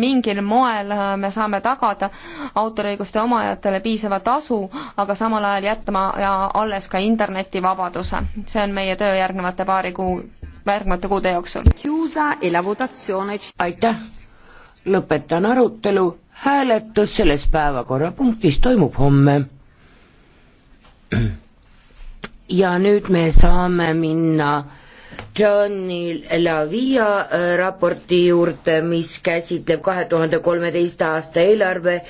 mingil moel äh, me saame tagada autoriõiguste omajatele piisava tasu, aga samal ajal jätma alles ka internetivabaduse. see on meie töö järgnevate paari kuu, järgnevate kuude jooksul. E aitäh, lõpetan arutelu, hääletus selles päevakorrapunktis toimub homme. ja nüüd me saame minna Johnny Lavia äh, raporti juurde, mis käsitleb kahe tuhande kolmeteist aasta eelarve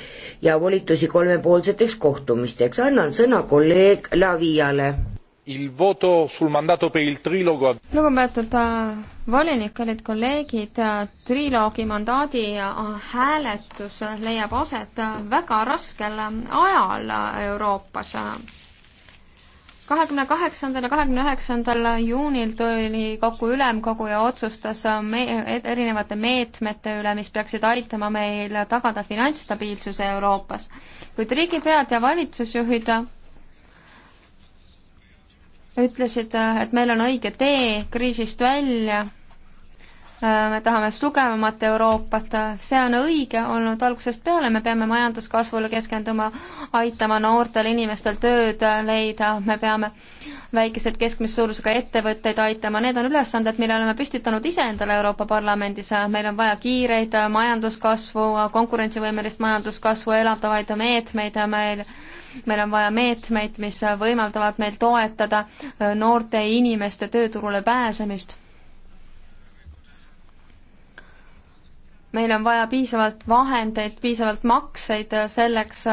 ja volitusi kolmepoolseteks kohtumisteks. annan sõna kolleeg Laviale. lugupeetud äh, volinik, kallid kolleegid, äh, triloogi mandaadi hääletus leiab aset väga raskel ajal Euroopas kahekümne kaheksandal ja kahekümne üheksandal juunil tuli kokku ülemkogu ja otsustas me erinevate meetmete üle, mis peaksid aitama meil tagada finantsstabiilsuse Euroopas. kuid riigipead ja valitsusjuhid ütlesid, et meil on õige tee kriisist välja Äh, me tahame tugevamat Euroopat, see on õige olnud algusest peale, me peame majanduskasvule keskenduma, aitama noortel inimestel tööd leida, me peame väikesed keskmise suurusega ettevõtteid aitama, need on ülesanded, mille oleme püstitanud iseendale Euroopa Parlamendis, meil on vaja kiireid majanduskasvu, konkurentsivõimelist majanduskasvu elavdavaid meetmeid meil meil on vaja meetmeid, mis võimaldavad meil toetada noorte inimeste tööturule pääsemist meil on vaja piisavalt vahendeid, piisavalt makseid selleks,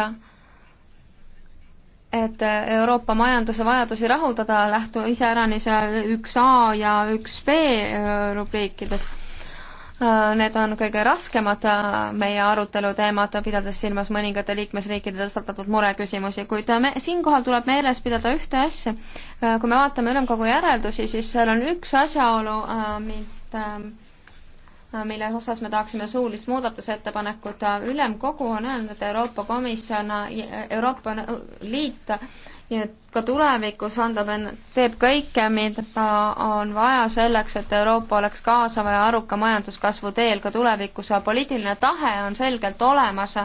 et Euroopa majanduse vajadusi rahuldada, lähtu iseäranis üks A ja üks B äh, rubriikides. Äh, need on kõige raskemad äh, meie arutelu teemad, pidades silmas mõningate liikmesriikide tõstatatud mureküsimusi, kuid me, siinkohal tuleb meeles pidada ühte asja. kui me vaatame ülemkogu järeldusi, siis seal on üks asjaolu, mida mille osas me tahaksime suulist muudatusettepanekut. ülemkogu on öelnud, et Euroopa Komisjon, Euroopa Liit ka tulevikus andab, teeb kõike, mida on vaja selleks, et Euroopa oleks kaasava ja aruka majanduskasvu teel ka tulevikus. poliitiline tahe on selgelt olemas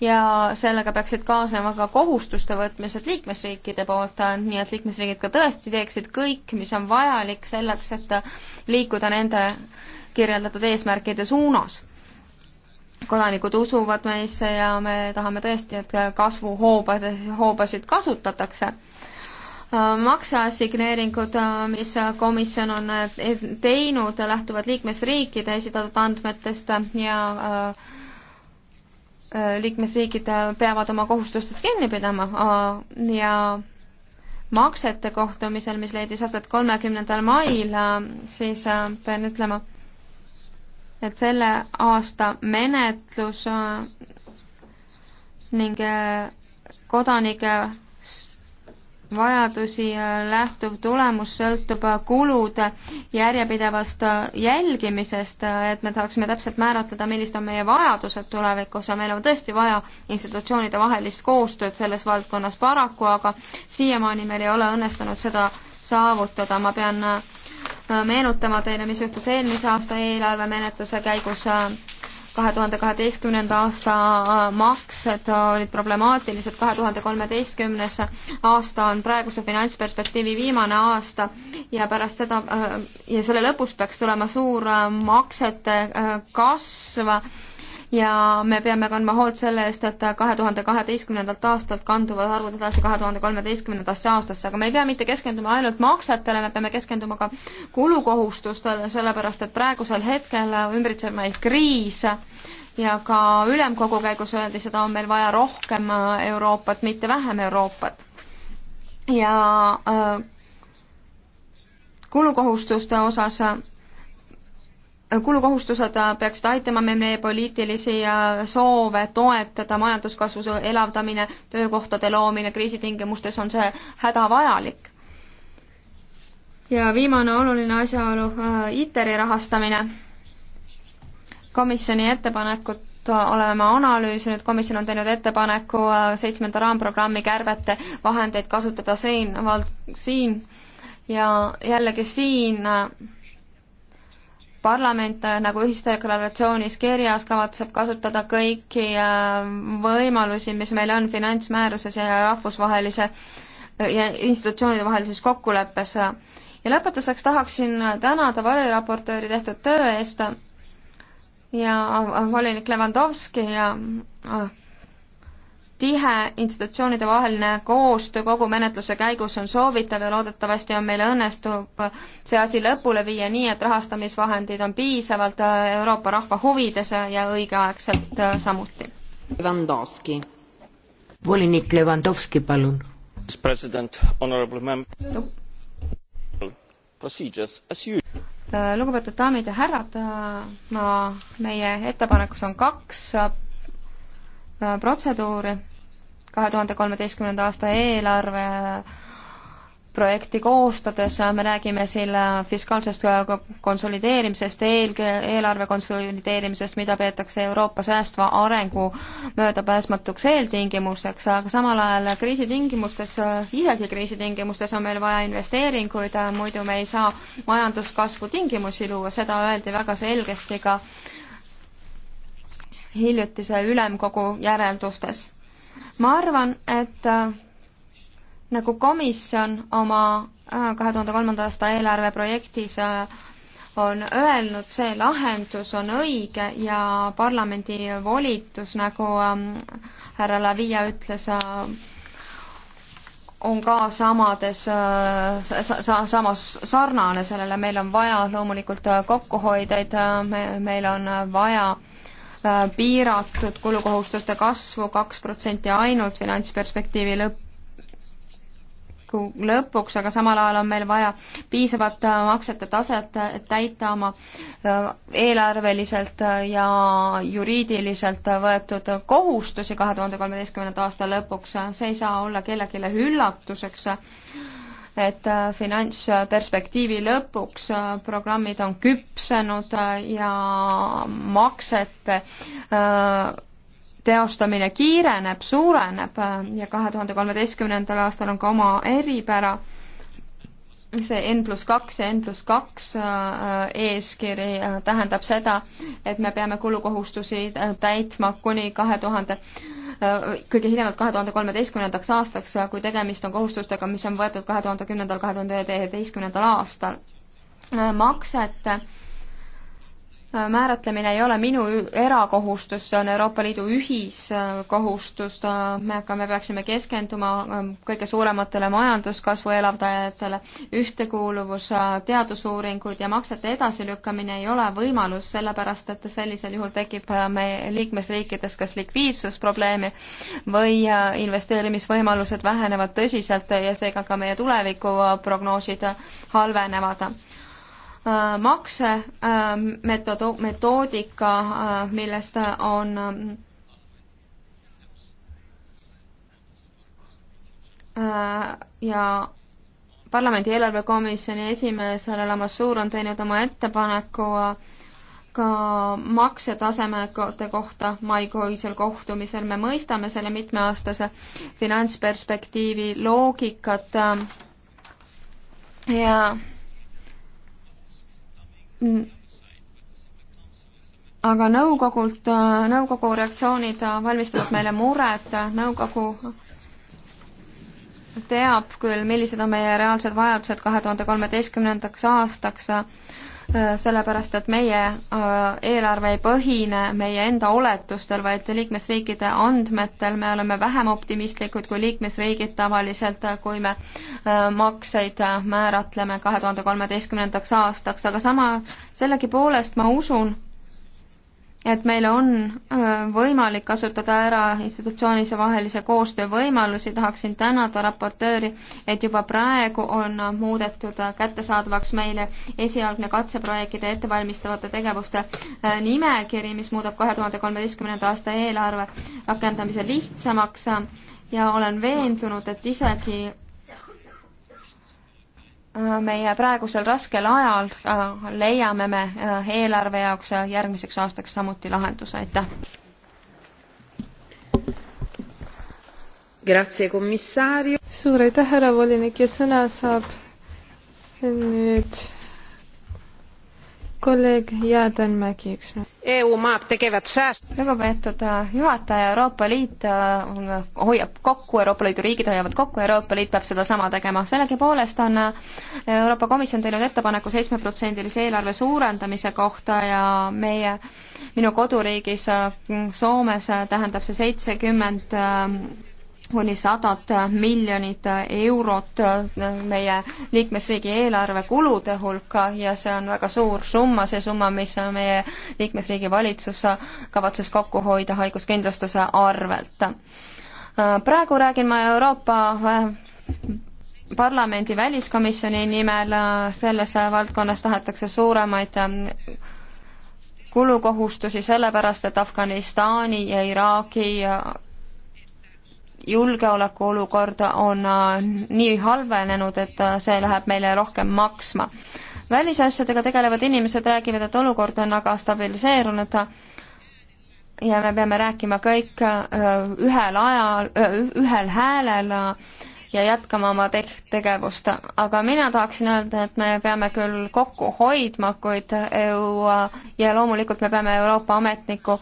ja sellega peaksid kaasnema ka kohustuste võtmised liikmesriikide poolt, nii et liikmesriigid ka tõesti teeksid kõik, mis on vajalik selleks, et liikuda nende kirjeldatud eesmärkide suunas. kodanikud usuvad meisse ja me tahame tõesti, et kasvuhoobad, hoobasid kasutatakse äh, makseassigneeringud, äh, mis komisjon on äh, teinud, lähtuvad liikmesriikide esitatud andmetest ja liikmesriigid peavad oma kohustustest kinni pidama ja maksete kohtumisel, mis leidis aset kolmekümnendal mail, siis pean ütlema, et selle aasta menetlus äh, ning äh, kodanike vajadusi äh, lähtuv tulemus sõltub kulude järjepidevast jälgimisest, et me saaksime täpselt määratleda, millised on meie vajadused tulevikus ja meil on tõesti vaja institutsioonide vahelist koostööd selles valdkonnas paraku, aga siiamaani meil ei ole õnnestunud seda saavutada, ma pean meenutama teile, mis juhtus eelmise aasta eelarvemenetluse käigus. Äh, kahe tuhande kaheteistkümnenda aasta äh, maksed olid problemaatilised, kahe tuhande kolmeteistkümnes aasta on praeguse finantsperspektiivi viimane aasta ja pärast seda äh, ja selle lõpus peaks tulema suur maksete kasv ja me peame kandma hoolt selle eest, et kahe tuhande kaheteistkümnendalt aastalt kanduvad arvud edasi kahe tuhande kolmeteistkümnendasse aastasse, aga me ei pea mitte keskenduma ainult maksetele, me peame keskenduma ka kulukohustustele, sellepärast et praegusel hetkel ümbritseb meid kriis ja ka ülemkogu käigus öeldi, seda on meil vaja rohkem Euroopat, mitte vähem Euroopat. ja äh, kulukohustuste osas kulukohustused peaksid aitama meil meie poliitilisi äh, soove toetada, majanduskasvu elavdamine, töökohtade loomine kriisitingimustes on see hädavajalik. ja viimane oluline asjaolu, äh, ITER-i rahastamine. komisjoni ettepanekut oleme analüüsinud, komisjon on teinud ettepaneku äh, seitsmenda raamprogrammi kärbete vahendeid kasutada siin, siin ja jällegi siin parlament äh, nagu ühisdeklaratsioonis kirjas kavatseb kasutada kõiki äh, võimalusi, mis meil on finantsmääruses ja rahvusvahelise äh, ja institutsioonide vahelises kokkuleppes. ja lõpetuseks tahaksin tänada valiraportööri tehtud töö eest ja volinik Levandovski ja tihe institutsioonide vaheline koostöö kogu menetluse käigus on soovitav ja loodetavasti on meil õnnestub see asi lõpule viia nii, et rahastamisvahendid on piisavalt äh, Euroopa rahva huvides ja õigeaegselt äh, samuti. Lewandowski. volinik Lewandowski, palun. president, honorable member no.. Procedures as usual äh, lugupeetud daamid ja härrad, ma, meie ettepanekus on kaks Äh, protseduuri, kahe tuhande kolmeteistkümnenda aasta eelarve projekti koostades äh, me räägime selle äh, fiskaalsest konsolideerimisest, eel, eelarve konsolideerimisest, mida peetakse Euroopa säästva arengu möödapääsmatuks eeltingimuseks, aga samal ajal kriisitingimustes, isegi kriisitingimustes on meil vaja investeeringuid, muidu me ei saa majanduskasvu tingimusi luua, seda öeldi väga selgesti ka äh, hiljutise ülemkogu järeldustes. ma arvan, et äh, nagu komisjon oma äh, kahe tuhande kolmanda aasta eelarve projektis äh, on öelnud, see lahendus on õige ja parlamendi volitus, nagu ähm, härra Lavia ütles, on ka samades sa,, sa, samas sarnane sellele, meil on vaja loomulikult kokkuhoideid, me, meil on vaja Äh, piiratud kulukohustuste kasvu kaks protsenti ainult finantsperspektiivi lõpp, lõpuks, aga samal ajal on meil vaja piisavat äh, maksete taset, et täita oma äh, eelarveliselt ja juriidiliselt võetud kohustusi kahe tuhande kolmeteistkümnenda aasta lõpuks, see ei saa olla kellelegi üllatuseks et äh, finantsperspektiivi lõpuks äh, programmid on küpsenud äh, ja maksete teostamine kiireneb, suureneb ja kahe tuhande kolmeteistkümnendal aastal on ka oma eripära, see N pluss kaks ja N pluss kaks eeskiri tähendab seda, et me peame kulukohustusi täitma kuni kahe tuhande 2000 kõige hiljemalt kahe tuhande kolmeteistkümnendaks aastaks, kui tegemist on kohustustega, mis on võetud kahe tuhande kümnendal, kahe tuhande üheteistkümnendal aastal. maksete Äh, määratlemine ei ole minu erakohustus, see on Euroopa Liidu ühiskohustus, äh, aga me peaksime keskenduma ähm, kõige suurematele majanduskasvu elavdajatele. ühtekuuluvus, äh, teadusuuringud ja maksete edasilükkamine ei ole võimalus, sellepärast et sellisel juhul tekib meie liikmesriikides kas likviidsusprobleemi või investeerimisvõimalused vähenevad tõsiselt ja seega ka meie tulevikuprognoosid halvenevad Äh, makse ähm, metodo-, metoodika, äh, millest äh, on ähm, ja parlamendi eelarvekomisjoni esimees härra Lamassuur on teinud oma ettepaneku ka maksetasemete kohta maikuisel kohtumisel. me mõistame selle mitmeaastase finantsperspektiivi loogikat ja aga nõukogult, äh, nõukogu reaktsioonid äh, valmistavad meile muret, nõukogu teab küll, millised on meie reaalsed vajadused kahe tuhande kolmeteistkümnendaks aastaks, Äh, sellepärast et meie äh, eelarve ei põhine meie enda oletustel, vaid liikmesriikide andmetel, me oleme vähem optimistlikud kui liikmesriigid tavaliselt, äh, kui me makseid määratleme kahe tuhande kolmeteistkümnendaks aastaks, aga sama, sellegipoolest ma usun, et meil on äh, võimalik kasutada ära institutsioonide vahelise koostöö võimalusi, tahaksin tänada raportööri, et juba praegu on muudetud kättesaadavaks meile esialgne katseprojektide ettevalmistavate tegevuste äh, nimekiri, mis muudab kahe tuhande kolmeteistkümnenda aasta eelarve rakendamise lihtsamaks ja olen veendunud, et isegi Äh, meie praegusel raskel ajal äh, leiame me äh, eelarve jaoks järgmiseks aastaks samuti lahenduse, aitäh. suur aitäh, härra volinik ja sõna saab nüüd kolleeg Jäädenmägi, eks ju. E EU-maad tegevad sääst-. lugupeetud äh, juhataja, Euroopa Liit äh, hoiab kokku, Euroopa Liidu riigid hoiavad kokku, Euroopa Liit peab sedasama tegema. sellegipoolest on äh, Euroopa Komisjon teinud ettepaneku seitsmeprotsendilise eelarve suurendamise kohta ja meie, minu koduriigis Soomes tähendab see seitsekümmend kuni sadat miljonit eurot meie liikmesriigi eelarve kulude hulka ja see on väga suur summa, see summa, mis meie liikmesriigi valitsus kavatses kokku hoida haiguskindlustuse arvelt. praegu räägin ma Euroopa parlamendi väliskomisjoni nimel, selles valdkonnas tahetakse suuremaid kulukohustusi sellepärast, et Afganistani ja Iraagi julgeolekuolukord on äh, nii halvenenud, et äh, see läheb meile rohkem maksma. välisasjadega tegelevad inimesed räägivad, et olukord on aga stabiliseerunud ja me peame rääkima kõik äh, ühel ajal, ühel häälel ja jätkama oma te-, tegevust. aga mina tahaksin öelda, et me peame küll kokku hoidma, kuid EU ja loomulikult me peame Euroopa ametniku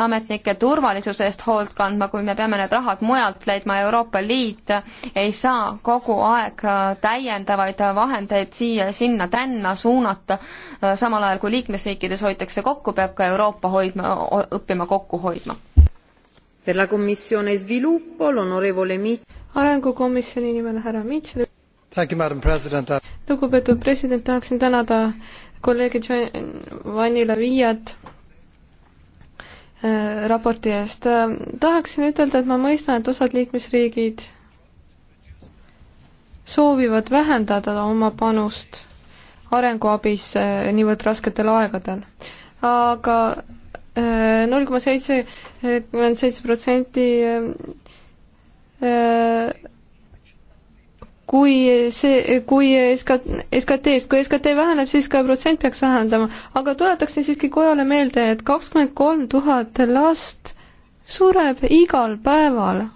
ametnike turvalisuse eest hoolt kandma, kui me peame need rahad mujalt leidma, Euroopa Liit ei saa kogu aeg täiendavaid vahendeid siia-sinna-tänna suunata, samal ajal kui liikmesriikides hoitakse kokku, peab ka Euroopa hoidma, õppima kokku hoidma. Per la Commissione Sviluppo l'onorevole Mit- arengukomisjoni nimel härra Mitchell. Uh, lugupeetud president, tahaksin tänada kolleegi Vanila Viiat äh, raporti eest. Äh, tahaksin ütelda, et ma mõistan, et osad liikmesriigid soovivad vähendada oma panust arenguabis äh, niivõrd rasketel aegadel. aga äh, null koma seitsekümmend äh, seitse protsenti kui see, kui SKT, SKT-st, kui SKT väheneb, siis ka protsent peaks vähendama, aga tuletaksin siiski kojale meelde, et kakskümmend kolm tuhat last sureb igal päeval.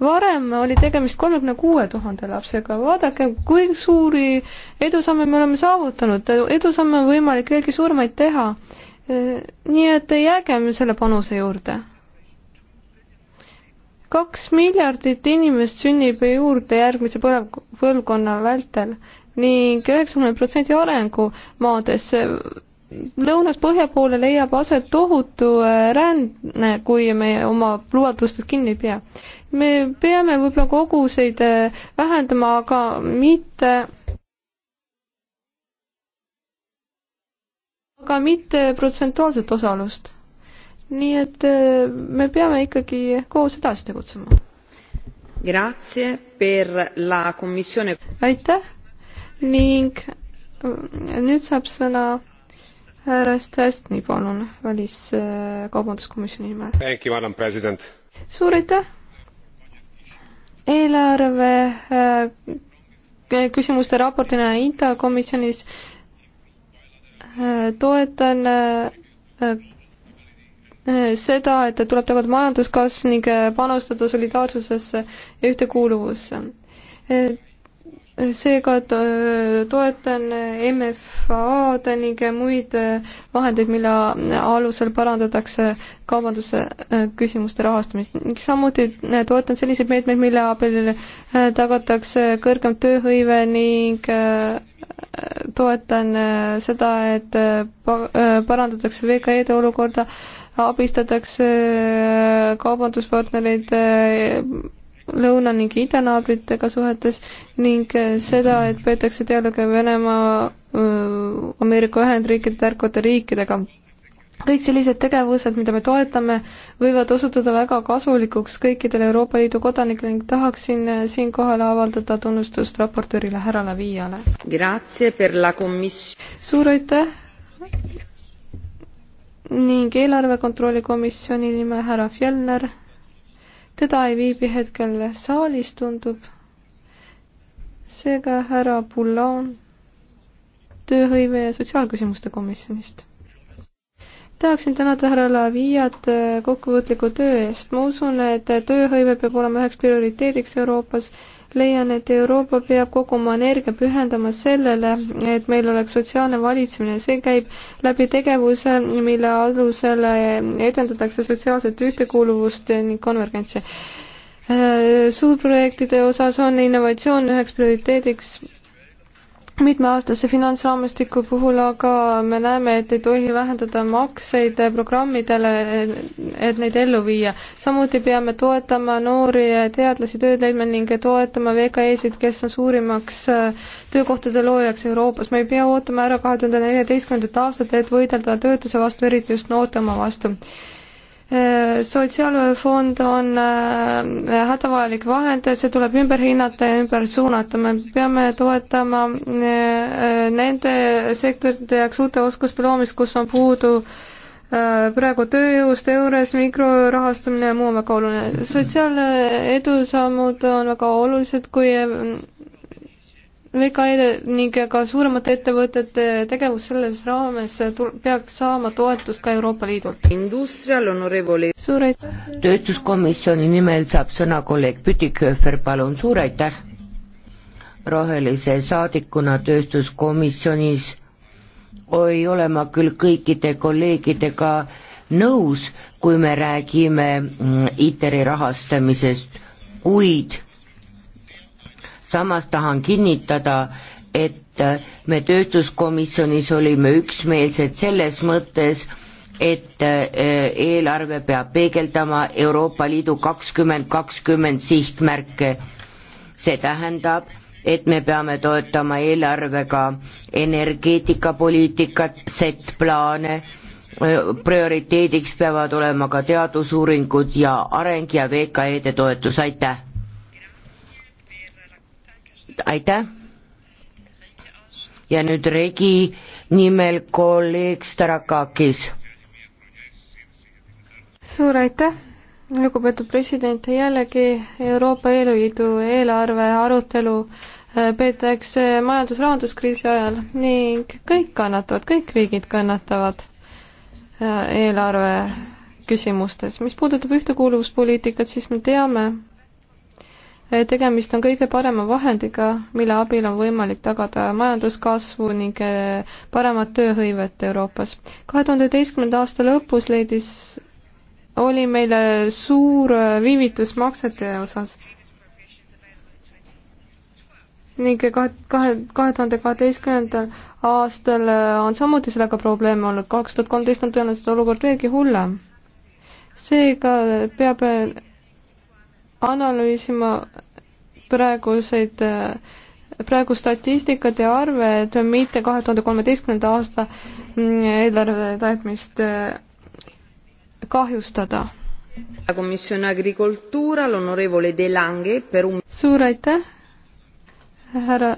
varem oli tegemist kolmekümne kuue tuhande lapsega, vaadake, kui suuri edusamme me oleme saavutanud, edusamme on võimalik veelgi suuremaid teha. nii et jäägem selle panuse juurde kaks miljardit inimest sünnib juurde järgmise põlev, põlvkonna vältel ning üheksakümmend protsenti arengumaades äh, lõunast põhja poole leiab aset tohutu äh, ränne, kui me oma lubadustest kinni ei pea. me peame võib-olla koguseid äh, vähendama, aga mitte aga mitte protsentuaalset osalust nii et äh, me peame ikkagi koos edasi tegutsema. aitäh ning äh, nüüd saab sõna härra Stasny, palun, väliskaubanduskomisjoni äh, nimel. suur aitäh! eelarve küsimuste raportina INTA komisjonis toetan seda, et tuleb tagada majanduskasv ning panustada solidaarsusesse ja ühtekuuluvusse. seega toetan MFA-d ning muid vahendeid, mille alusel parandatakse kaubanduse küsimuste rahastamist ning samuti toetan selliseid meetmeid, mille abil tagatakse kõrgem tööhõive ning toetan seda, et parandatakse VKE-de olukorda abistatakse äh, kaubanduspartnereid äh, lõuna- ning idanaabritega suhetes ning äh, seda, et peetakse dialoogi Venemaa, Ameerika Ühendriikide, tärkvate riikidega. kõik sellised tegevused, mida me toetame, võivad osutuda väga kasulikuks kõikidele Euroopa Liidu kodanikele ning tahaksin siinkohal avaldada tunnustust raportöörile härra Laviale. suur aitäh ning eelarve kontrolli komisjoni nime härra Fjellner. teda ei viibi hetkel saalis, tundub. seega härra Pullaun tööhõive ja sotsiaalküsimuste komisjonist. tahaksin tänada härra Laviat kokkuvõtliku töö eest. ma usun, et tööhõive peab olema üheks prioriteediks Euroopas leian, et Euroopa peab kogu oma energia pühendama sellele, et meil oleks sotsiaalne valitsemine, see käib läbi tegevuse, mille alusel edendatakse sotsiaalset ühtekuuluvust ning konvergentsi. Äh, suurprojektide osas on innovatsioon üheks prioriteediks mitmeaastase finantsraamistiku puhul aga me näeme, et ei tohi vähendada makseid programmidele, et neid ellu viia. samuti peame toetama noori teadlasi tööd leidma ning toetama VKE-sid, kes on suurimaks äh, töökohtade loojaks Euroopas. me ei pea ootama ära kahe tuhande neljateistkümnendat aastat, et võidelda töötuse vastu, eriti just noorte oma vastu Äh, sotsiaalfond on äh, hädavajalik vahend, see tuleb ümber hinnata ja ümber suunata, me peame toetama äh, nende sektorite jaoks uute oskuste loomist, kus on puudu praegu tööjõust, eures, mikrorahastamine ja muu on väga oluline. sotsiaaledusammud on väga olulised, kui VKE-de ning ka suuremate ettevõtete tegevus selles raames peaks saama toetust ka Euroopa Liidult. suur aitäh! tööstuskomisjoni nimel saab sõna kolleeg Pütikööfer, palun, suur aitäh! rohelise saadikuna tööstuskomisjonis ei ole ma küll kõikide kolleegidega nõus, kui me räägime mm, ITER-i rahastamisest, kuid samas tahan kinnitada, et me tööstuskomisjonis olime üksmeelsed selles mõttes, et eh, eelarve peab peegeldama Euroopa Liidu kakskümmend kakskümmend sihtmärke. see tähendab, et me peame toetama eelarvega energeetikapoliitikat, set-plaane, prioriteediks peavad olema ka teadusuuringud ja areng ja VKE-de toetus, aitäh! aitäh. ja nüüd Regi nimel kolleeg Starakakis. suur aitäh, lugupeetud president, jällegi Euroopa Eeluliidu eelarve arutelu äh, peetakse majandus-rahanduskriisi ajal ning kõik kannatavad, kõik riigid kannatavad äh, eelarve küsimustes. mis puudutab ühtekuuluvuspoliitikat, siis me teame, Eh, tegemist on kõige parema vahendiga, mille abil on võimalik tagada majanduskasvu ning eh, paremat tööhõivet Euroopas. kahe tuhande üheteistkümnenda aasta lõpus leidis, oli meil suur eh, viivitus maksete osas ning kahe, kahe, kahe tuhande kaheteistkümnendal aastal on samuti sellega probleeme olnud, kaks tuhat kolmteist on tõenäoliselt olukord veelgi hullem. seega peab analüüsima praeguseid, praegu statistikat ja arve, et mitte kahe tuhande kolmeteistkümnenda aasta mm, eelarve täitmist äh, kahjustada. suur aitäh, härra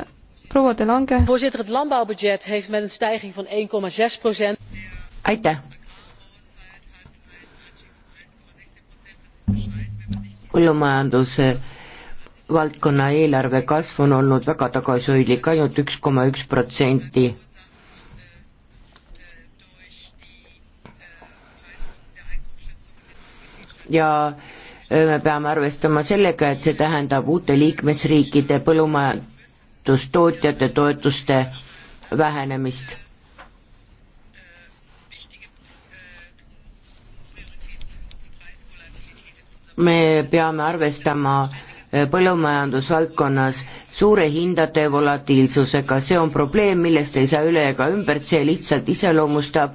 proua De Lange. voorzitter, het landbouwbudget heeft met een stijging van 1,6 procent. aitäh põllumajanduse valdkonna eelarve kasv on olnud väga tagasihoidlik, ainult üks koma üks protsenti. ja me peame arvestama sellega, et see tähendab uute liikmesriikide põllumajandustootjate toetuste vähenemist me peame arvestama eh, põllumajandusvaldkonnas suure hindade volatiilsusega, see on probleem, millest ei saa üle ega ümbert, see lihtsalt iseloomustab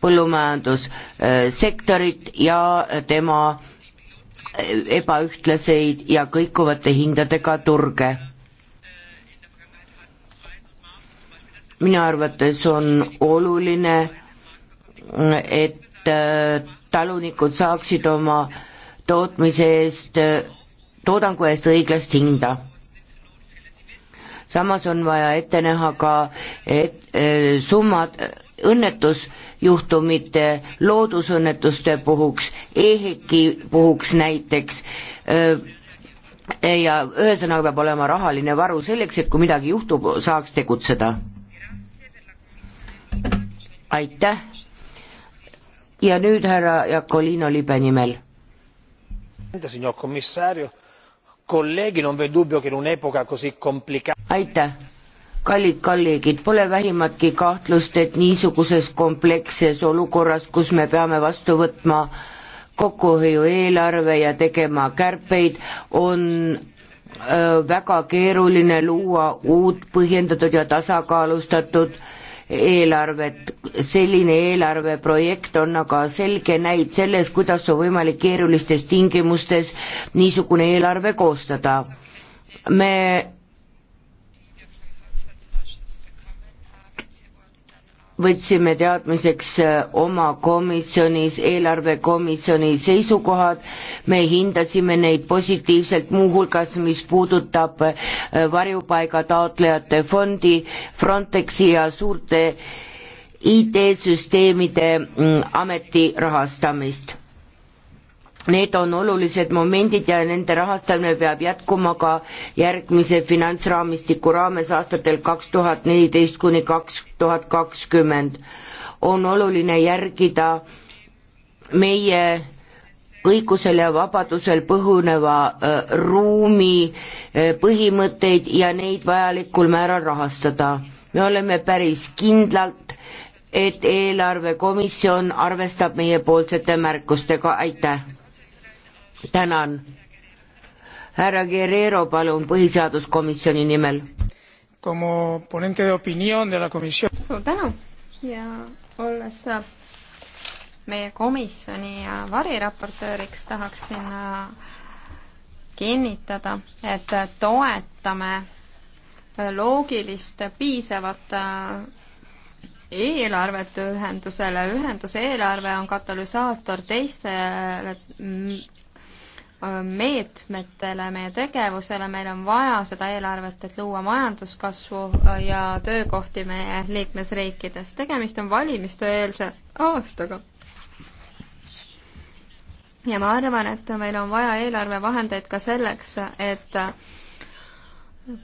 põllumajandussektorit ja tema ebaühtlaseid ja kõikuvate hindadega turge. minu arvates on oluline, et äh, talunikud saaksid oma äh, tootmise eest, toodangu eest õiglast hinda. samas on vaja ette näha ka et, et, äh, summad äh, õnnetusjuhtumite, loodusõnnetuste puhuks e, EHEC-i puhuks näiteks, äh, ja ühesõnaga peab olema rahaline varu selleks, et kui midagi juhtub, saaks tegutseda. aitäh ja nüüd härra Jakolino Libe nimel signor commissario colleghi non v'è dubbio che in un'epoca così complicata. aitäh kallid kolleegid pole vähimatki kahtlust et niisuguses kompleksses olukorras kus me peame vastu võtma kokkuhoiueelarve ja tegema kärpeid on äh, väga keeruline luua uut põhjendatud ja tasakaalustatud eelarvet. selline eelarveprojekt on aga selge näid selles, kuidas on võimalik keerulistes tingimustes niisugune eelarve koostada. me võtsime teadmiseks äh, oma komisjonis, eelarvekomisjoni seisukohad, me hindasime neid positiivselt, muuhulgas mis puudutab äh, varjupaiga taotlejate fondi, Frontexi ja suurte IT-süsteemide mm, ameti rahastamist Need on olulised momendid ja nende rahastamine peab jätkuma ka järgmise finantsraamistiku raames aastatel kaks tuhat neliteist kuni kaks tuhat kakskümmend. on oluline järgida meie õigusel ja vabadusel põhuneva äh, ruumi äh, põhimõtteid ja neid vajalikul määral rahastada. me oleme päris kindlalt, et eelarvekomisjon arvestab meiepoolsete märkustega, aitäh! tänan. härra Guerrero, palun põhiseaduskomisjoni nimel. suur tänu ja olles meie komisjoni variraportööriks tahaksin äh, kinnitada, et toetame loogilist piisavat äh, eelarvet ühendusele, ühenduse eelarve on katalüsaator teistele mm, meetmetele, meie tegevusele, meil on vaja seda eelarvet, et luua majanduskasvu ja töökohti meie liikmesriikides. tegemist on valimiste-eelse aastaga. ja ma arvan, et meil on vaja eelarvevahendeid ka selleks, et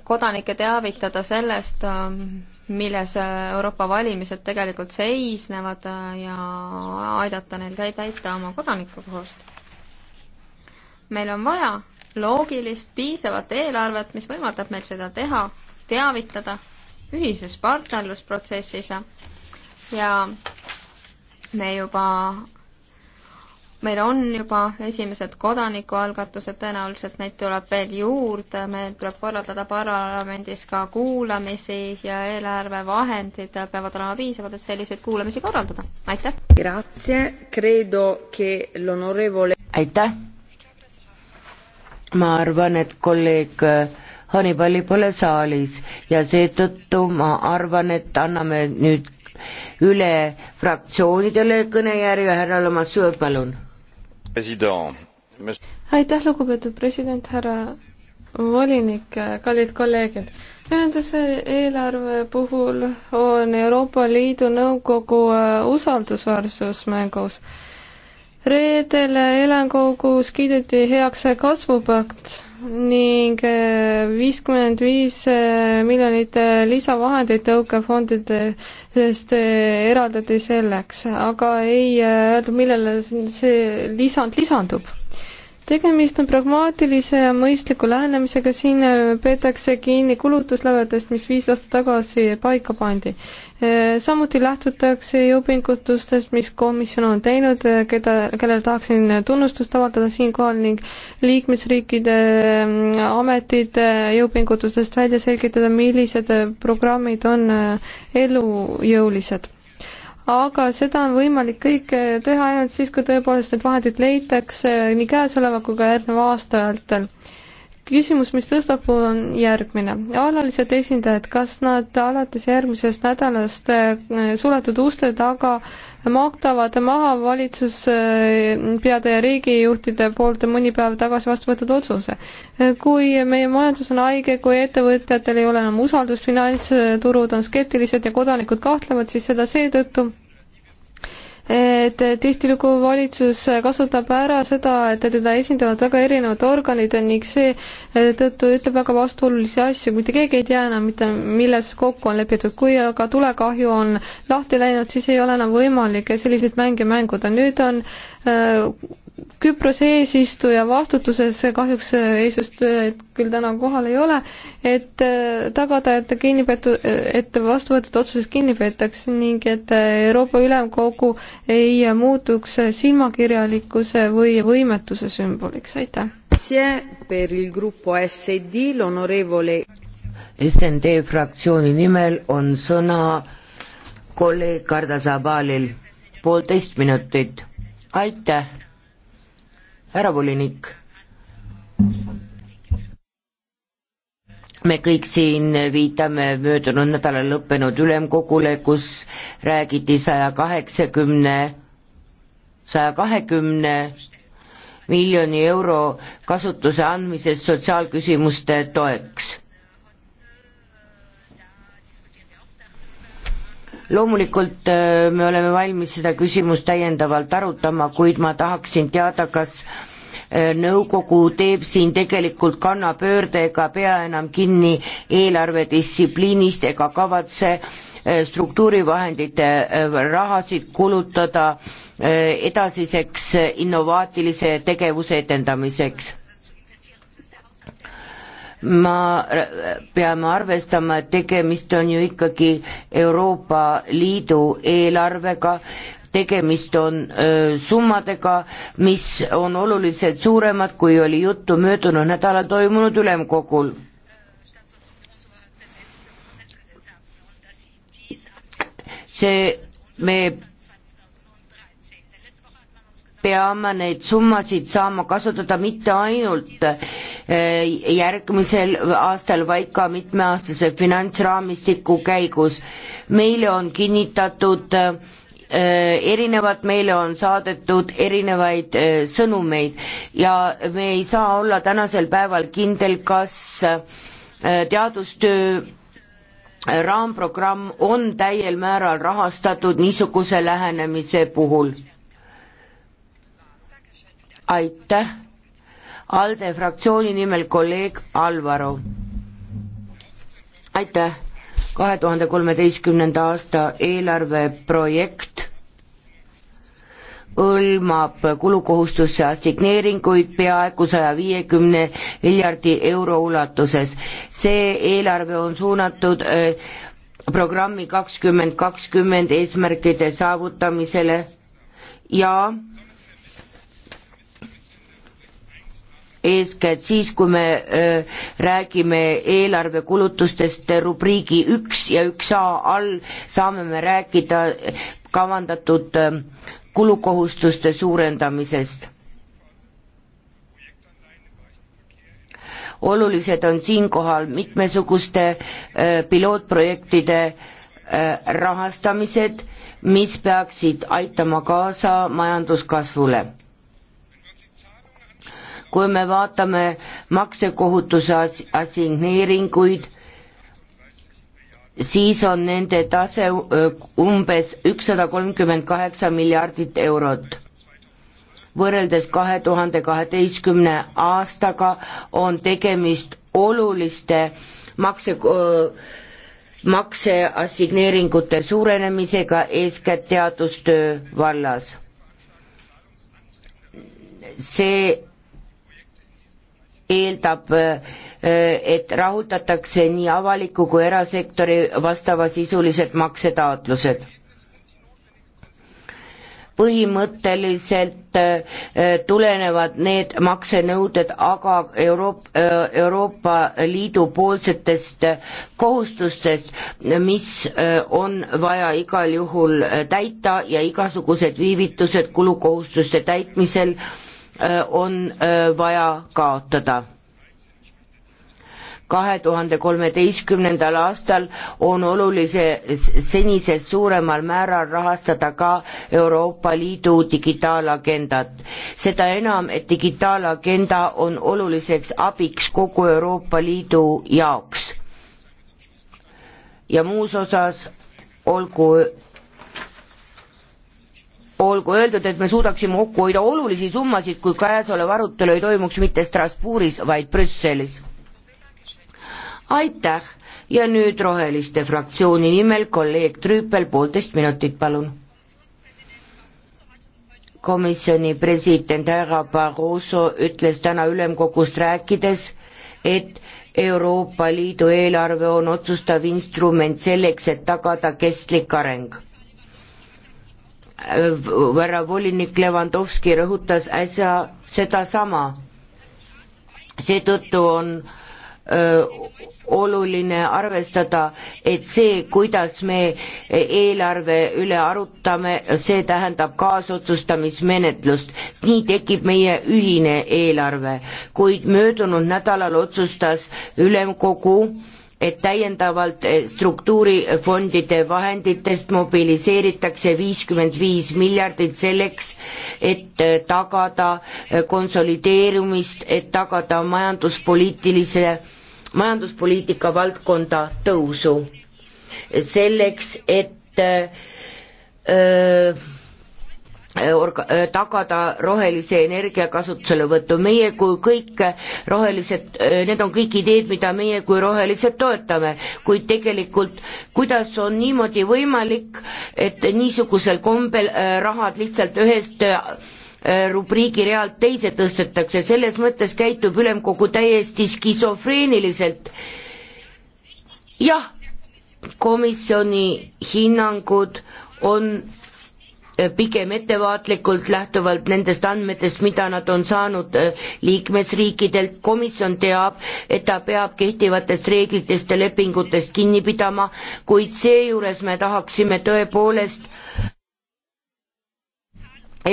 kodanikke teavitada sellest, milles Euroopa valimised tegelikult seisnevad ja aidata neil täita oma kodanikukohust meil on vaja loogilist piisavat eelarvet, mis võimaldab meil seda teha, teavitada ühises partnerlusprotsessis ja me juba, meil on juba esimesed kodanikualgatused, tõenäoliselt neid tuleb veel juurde, meil tuleb korraldada parlamendis ka kuulamisi ja eelarvevahendid peavad olema piisavad, et selliseid kuulamisi korraldada. aitäh! aitäh! ma arvan, et kolleeg äh, Hanipali pole saalis ja seetõttu ma arvan, et anname nüüd üle fraktsioonidele kõnejärje, härra Lamassu, palun. aitäh, lugupeetud president, härra volinik, kallid kolleegid. ühenduse eelarve puhul on Euroopa Liidu Nõukogu äh, usaldusväärsus mängus reedel elankogus kiideti heaks kasvupakt ning äh, viiskümmend viis äh, miljonit äh, lisavahendeid tõukefondidest eraldati selleks, aga ei öeldud, millele see lisand lisandub tegemist on pragmaatilise ja mõistliku lähenemisega, siin äh, peetakse kinni kulutuslävedest, mis viis aastat tagasi paika pandi. Äh, samuti lähtutakse jõupingutustest, mis komisjon on teinud, äh, keda, kellele tahaksin tunnustust avaldada siinkohal ning liikmesriikide ametite jõupingutustest välja selgitada, millised programmid on elujõulised aga seda on võimalik kõike eh, teha ainult siis, kui tõepoolest need vahendid leitakse eh, nii käesoleva kui ka järgneva aasta vältel küsimus, mis tõstab, on järgmine. alalised esindajad, kas nad alates järgmisest nädalast äh, suletud uste taga maktavad maha valitsuspeade äh, ja riigijuhtide poolt mõni päev tagasi vastu võetud otsuse? Äh, kui meie majandus on haige, kui ettevõtjatel ei ole enam usaldust, finantsturud on skeptilised ja kodanikud kahtlevad, siis seda seetõttu, et tihtilugu valitsus kasutab ära seda, et teda esindavad väga erinevad organid ning seetõttu eh, ütleb väga vastuolulisi asju, mitte keegi ei tea enam mitte, milles kokku on lepitud. kui aga tulekahju on lahti läinud, siis ei ole enam võimalik selliseid mänge mänguda. nüüd on äh, Küprose eesistuja vastutuses, kahjuks eesistujaid küll täna kohal ei ole, et äh, tagada, et kinni peetu-, et vastu võetud otsusest kinni peetaks ning et äh, Euroopa Ülemkogu ei muutuks silmakirjalikkuse või võimetuse sümboliks, aitäh! SND fraktsiooni nimel on sõna kolleeg Karda Zabalil, poolteist minutit, aitäh! härra volinik. me kõik siin viitame möödunud nädalal lõppenud ülemkogule, kus räägiti saja kaheksakümne, saja kahekümne miljoni euro kasutuse andmisest sotsiaalküsimuste toeks loomulikult äh, me oleme valmis seda küsimust täiendavalt arutama, kuid ma tahaksin teada, kas äh, nõukogu teeb siin tegelikult kannapöörde ega pea enam kinni eelarvedistsipliinist ega kavatse äh, struktuurivahendite rahasid kulutada edasiseks innovaatilise tegevuse edendamiseks ma, peame arvestama, et tegemist on ju ikkagi Euroopa Liidu eelarvega, tegemist on öö, summadega, mis on oluliselt suuremad, kui oli juttu möödunud nädalal toimunud ülemkogul. see, me peame neid summasid saama kasutada mitte ainult eh, järgmisel aastal, vaid ka mitmeaastase finantsraamistiku käigus. meile on kinnitatud eh, erinevad, meile on saadetud erinevaid eh, sõnumeid ja me ei saa olla tänasel päeval kindel, kas teadustöö raamprogramm on täiel määral rahastatud niisuguse lähenemise puhul aitäh, ALDE fraktsiooni nimel kolleeg Alvaro. aitäh, kahe tuhande kolmeteistkümnenda aasta eelarveprojekt hõlmab kulukohustusse assigneeringuid peaaegu saja viiekümne miljardi euro ulatuses. see eelarve on suunatud äh, programmi kakskümmend kakskümmend eesmärkide saavutamisele ja eeskätt siis, kui me äh, räägime eelarvekulutustest rubriigi üks ja üks A all, saame me rääkida kavandatud äh, kulukohustuste suurendamisest olulised on siinkohal mitmesuguste äh, pilootprojektide äh, rahastamised, mis peaksid aitama kaasa majanduskasvule kui me vaatame maksekohutuse as-, assigneeringuid, siis on nende tase umbes ükssada kolmkümmend kaheksa miljardit eurot. võrreldes kahe tuhande kaheteistkümne aastaga on tegemist oluliste makse, makseassigneeringute suurenemisega eeskätt teadustöö vallas. see eeldab, äh, et rahuldatakse nii avaliku kui erasektori vastavasisulised maksetaotlused. põhimõtteliselt äh, tulenevad need maksenõuded aga Euroop-, äh, Euroopa Liidu poolsetest kohustustest, mis on vaja igal juhul täita ja igasugused viivitused kulukohustuste täitmisel äh, Äh, on äh, vaja kaotada. kahe tuhande kolmeteistkümnendal aastal on olulise, senisest suuremal määral rahastada ka Euroopa Liidu digitaalagendat. seda enam, et digitaalagenda on oluliseks abiks kogu Euroopa Liidu jaoks. ja muus osas olgu olgu öeldud, et me suudaksime kokku hoida olulisi summasid, kui käesolev arutelu ei toimuks mitte Strasbourgis, vaid Brüsselis. aitäh ja nüüd Roheliste fraktsiooni nimel kolleeg Trüüpel, poolteist minutit, palun. komisjoni president härra Barroso ütles täna ülemkogust rääkides, et Euroopa Liidu eelarve on otsustav instrument selleks, et tagada kestlik areng härra volinik Levandovski rõhutas äsja sedasama. seetõttu on öö, oluline arvestada, et see, kuidas me eelarve üle arutame, see tähendab kaasotsustamismenetlust. nii tekib meie ühine eelarve, kuid möödunud nädalal otsustas ülemkogu öö, et täiendavalt eh, struktuurifondide vahenditest mobiliseeritakse viiskümmend viis miljardit selleks, et eh, tagada eh, konsolideerumist, et tagada majanduspoliitilise, majanduspoliitika valdkonda tõusu. selleks, et öö, Äh, orga-, äh, tagada rohelise energia kasutuselevõttu, meie kui kõik rohelised, äh, need on kõik ideed, mida meie kui rohelised toetame, kuid tegelikult kuidas on niimoodi võimalik, et niisugusel kombel rahad lihtsalt ühest rubriigi realt teise tõstetakse, selles mõttes käitub ülemkogu täiesti skisofreeniliselt. jah, komisjoni hinnangud on Eh, pigem ettevaatlikult lähtuvalt nendest andmetest, mida nad on saanud eh, liikmesriikidelt, komisjon teab, et ta peab kehtivatest reeglitest ja lepingutest kinni pidama, kuid seejuures me tahaksime tõepoolest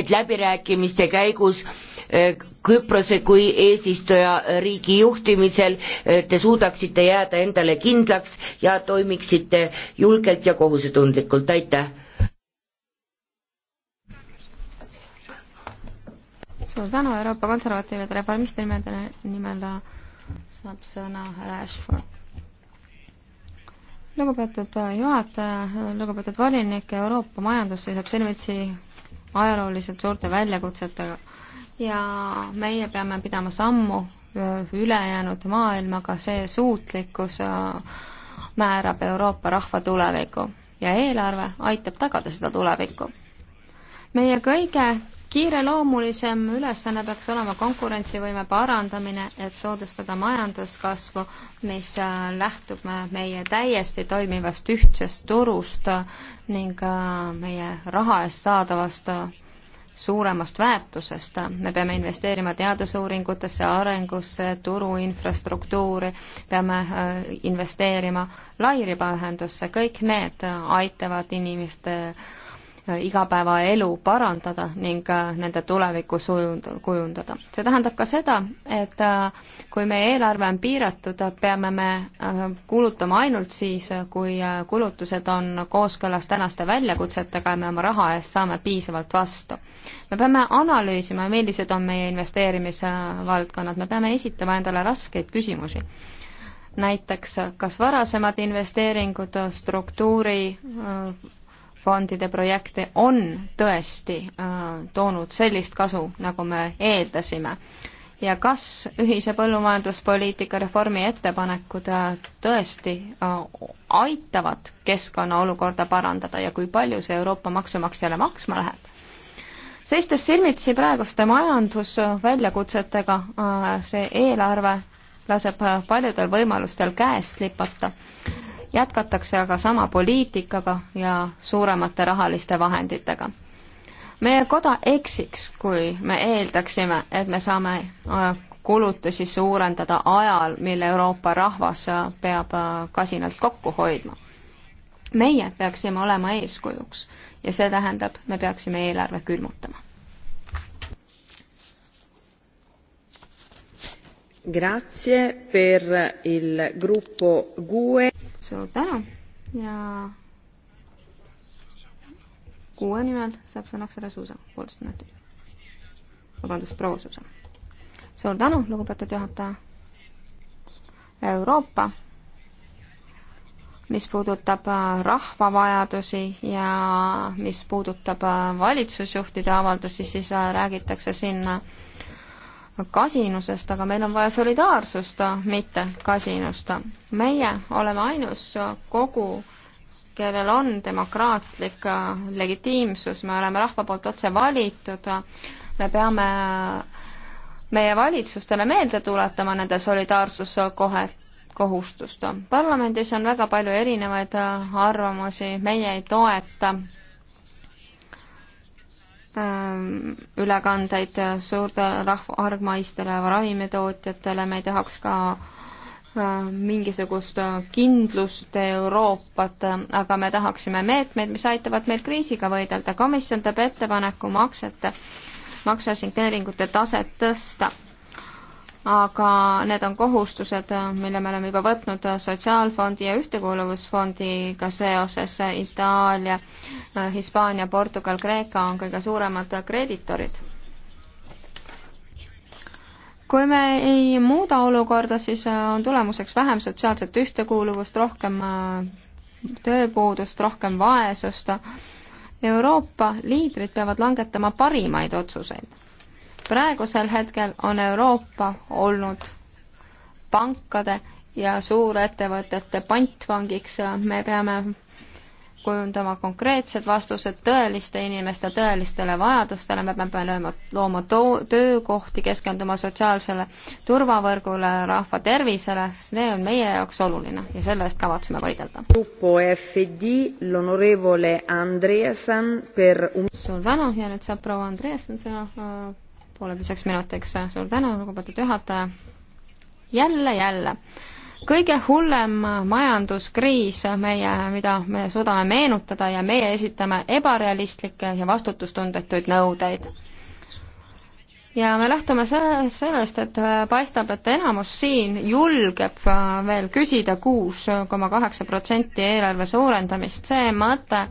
et läbirääkimiste käigus eh, Küprose kui eesistujariigi juhtimisel te suudaksite jääda endale kindlaks ja toimiksite julgelt ja kohusetundlikult, aitäh! suur tänu, Euroopa konservatiivide reformisti nimedele, nimel saab sõna härra Ashford. lugupeetud juhataja, lugupeetud volinik, Euroopa majandus seisab silmitsi ajalooliselt suurte väljakutsetega ja meie peame pidama sammu ülejäänud maailmaga, see suutlikkus äh, määrab Euroopa rahva tuleviku ja eelarve aitab tagada seda tulevikku. meie kõige kiireloomulisem ülesanne peaks olema konkurentsivõime parandamine, et soodustada majanduskasvu, mis äh, lähtub meie täiesti toimivast ühtsest turust ning äh, meie raha eest saadavast äh, suuremast väärtusest. me peame investeerima teadusuuringutesse, arengusse, turu infrastruktuuri, peame investeerima lairibaühendusse, kõik need aitavad inimeste Äh, igapäevaelu parandada ning äh, nende tulevikku kujundada. see tähendab ka seda, et äh, kui meie eelarve on piiratud, peame me kulutama ainult siis, kui kulutused on kooskõlas tänaste väljakutsetega ja me oma raha eest saame piisavalt vastu. me peame analüüsima, millised on meie investeerimisvaldkonnad, me peame esitama endale raskeid küsimusi näiteks kas varasemad investeeringud struktuuri fondide projekte on tõesti äh, toonud sellist kasu, nagu me eeldasime. ja kas ühise põllumajanduspoliitika reformi ettepanekud äh, tõesti äh, aitavad keskkonna olukorda parandada ja kui palju see Euroopa maksumaksjale maksma läheb? seistes silmitsi praeguste majandusväljakutsetega, äh, see eelarve laseb paljudel võimalustel käest lipata jätkatakse aga sama poliitikaga ja suuremate rahaliste vahenditega. meie koda eksiks, kui me eeldaksime, et me saame äh, kulutusi suurendada ajal, mil Euroopa rahvas äh, peab äh, kasinalt kokku hoidma. meie peaksime olema eeskujuks ja see tähendab, me peaksime eelarve külmutama. Grazie per il gruppo GUE suur tänu ja kuue nimel saab sõnaks härra Suusa, poolteist minutit. vabandust, proua Suusa. suur tänu, lugupeetud juhataja. Euroopa, mis puudutab äh, rahva vajadusi ja mis puudutab äh, valitsusjuhtide avaldusi, siis äh, räägitakse sinna äh, kasinusest, aga meil on vaja solidaarsust, mitte kasinust. meie oleme ainus kogu, kellel on demokraatlik legitiimsus, me oleme rahva poolt otse valitud, me peame meie valitsustele meelde tuletama nende solidaarsuskohe, kohustust. parlamendis on väga palju erinevaid arvamusi, meie ei toeta Ähm, ülekandeid suurte rahva, argmaistele ravimitootjatele, me ei tahaks ka äh, mingisugust äh, kindlust Euroopat, aga me tahaksime meetmeid, mis aitavad meil kriisiga võidelda. komisjon teeb ettepaneku maksete, maksuassigneeringute taset tõsta aga need on kohustused, mille me oleme juba võtnud Sotsiaalfondi ja Ühtekuuluvusfondiga seoses. Itaalia, Hispaania, Portugal, Kreeka on kõige suuremad kreeditorid. kui me ei muuda olukorda, siis on tulemuseks vähem sotsiaalset ühtekuuluvust, rohkem äh, tööpuudust, rohkem vaesust. Euroopa liidrid peavad langetama parimaid otsuseid praegusel hetkel on Euroopa olnud pankade ja suurettevõtete pantvangiks, me peame kujundama konkreetsed vastused tõeliste inimeste tõelistele vajadustele, me peame lööma, looma to-, töökohti, keskenduma sotsiaalsele turvavõrgule, rahva tervisele, see on meie jaoks oluline ja selle eest kavatseme võidelda. suur tänu ja nüüd saab proua Andreasen sõna pooleteiseks minutiks. suur tänu, lugupeetud juhataja. jälle, jälle. kõige hullem majanduskriis meie, mida me suudame meenutada ja meie esitame ebarealistlikke ja vastutustundetuid nõudeid ja me lähtume sellest, et äh, paistab, et enamus siin julgeb äh, veel küsida kuus koma kaheksa protsenti eelarve suurendamist. see mõte,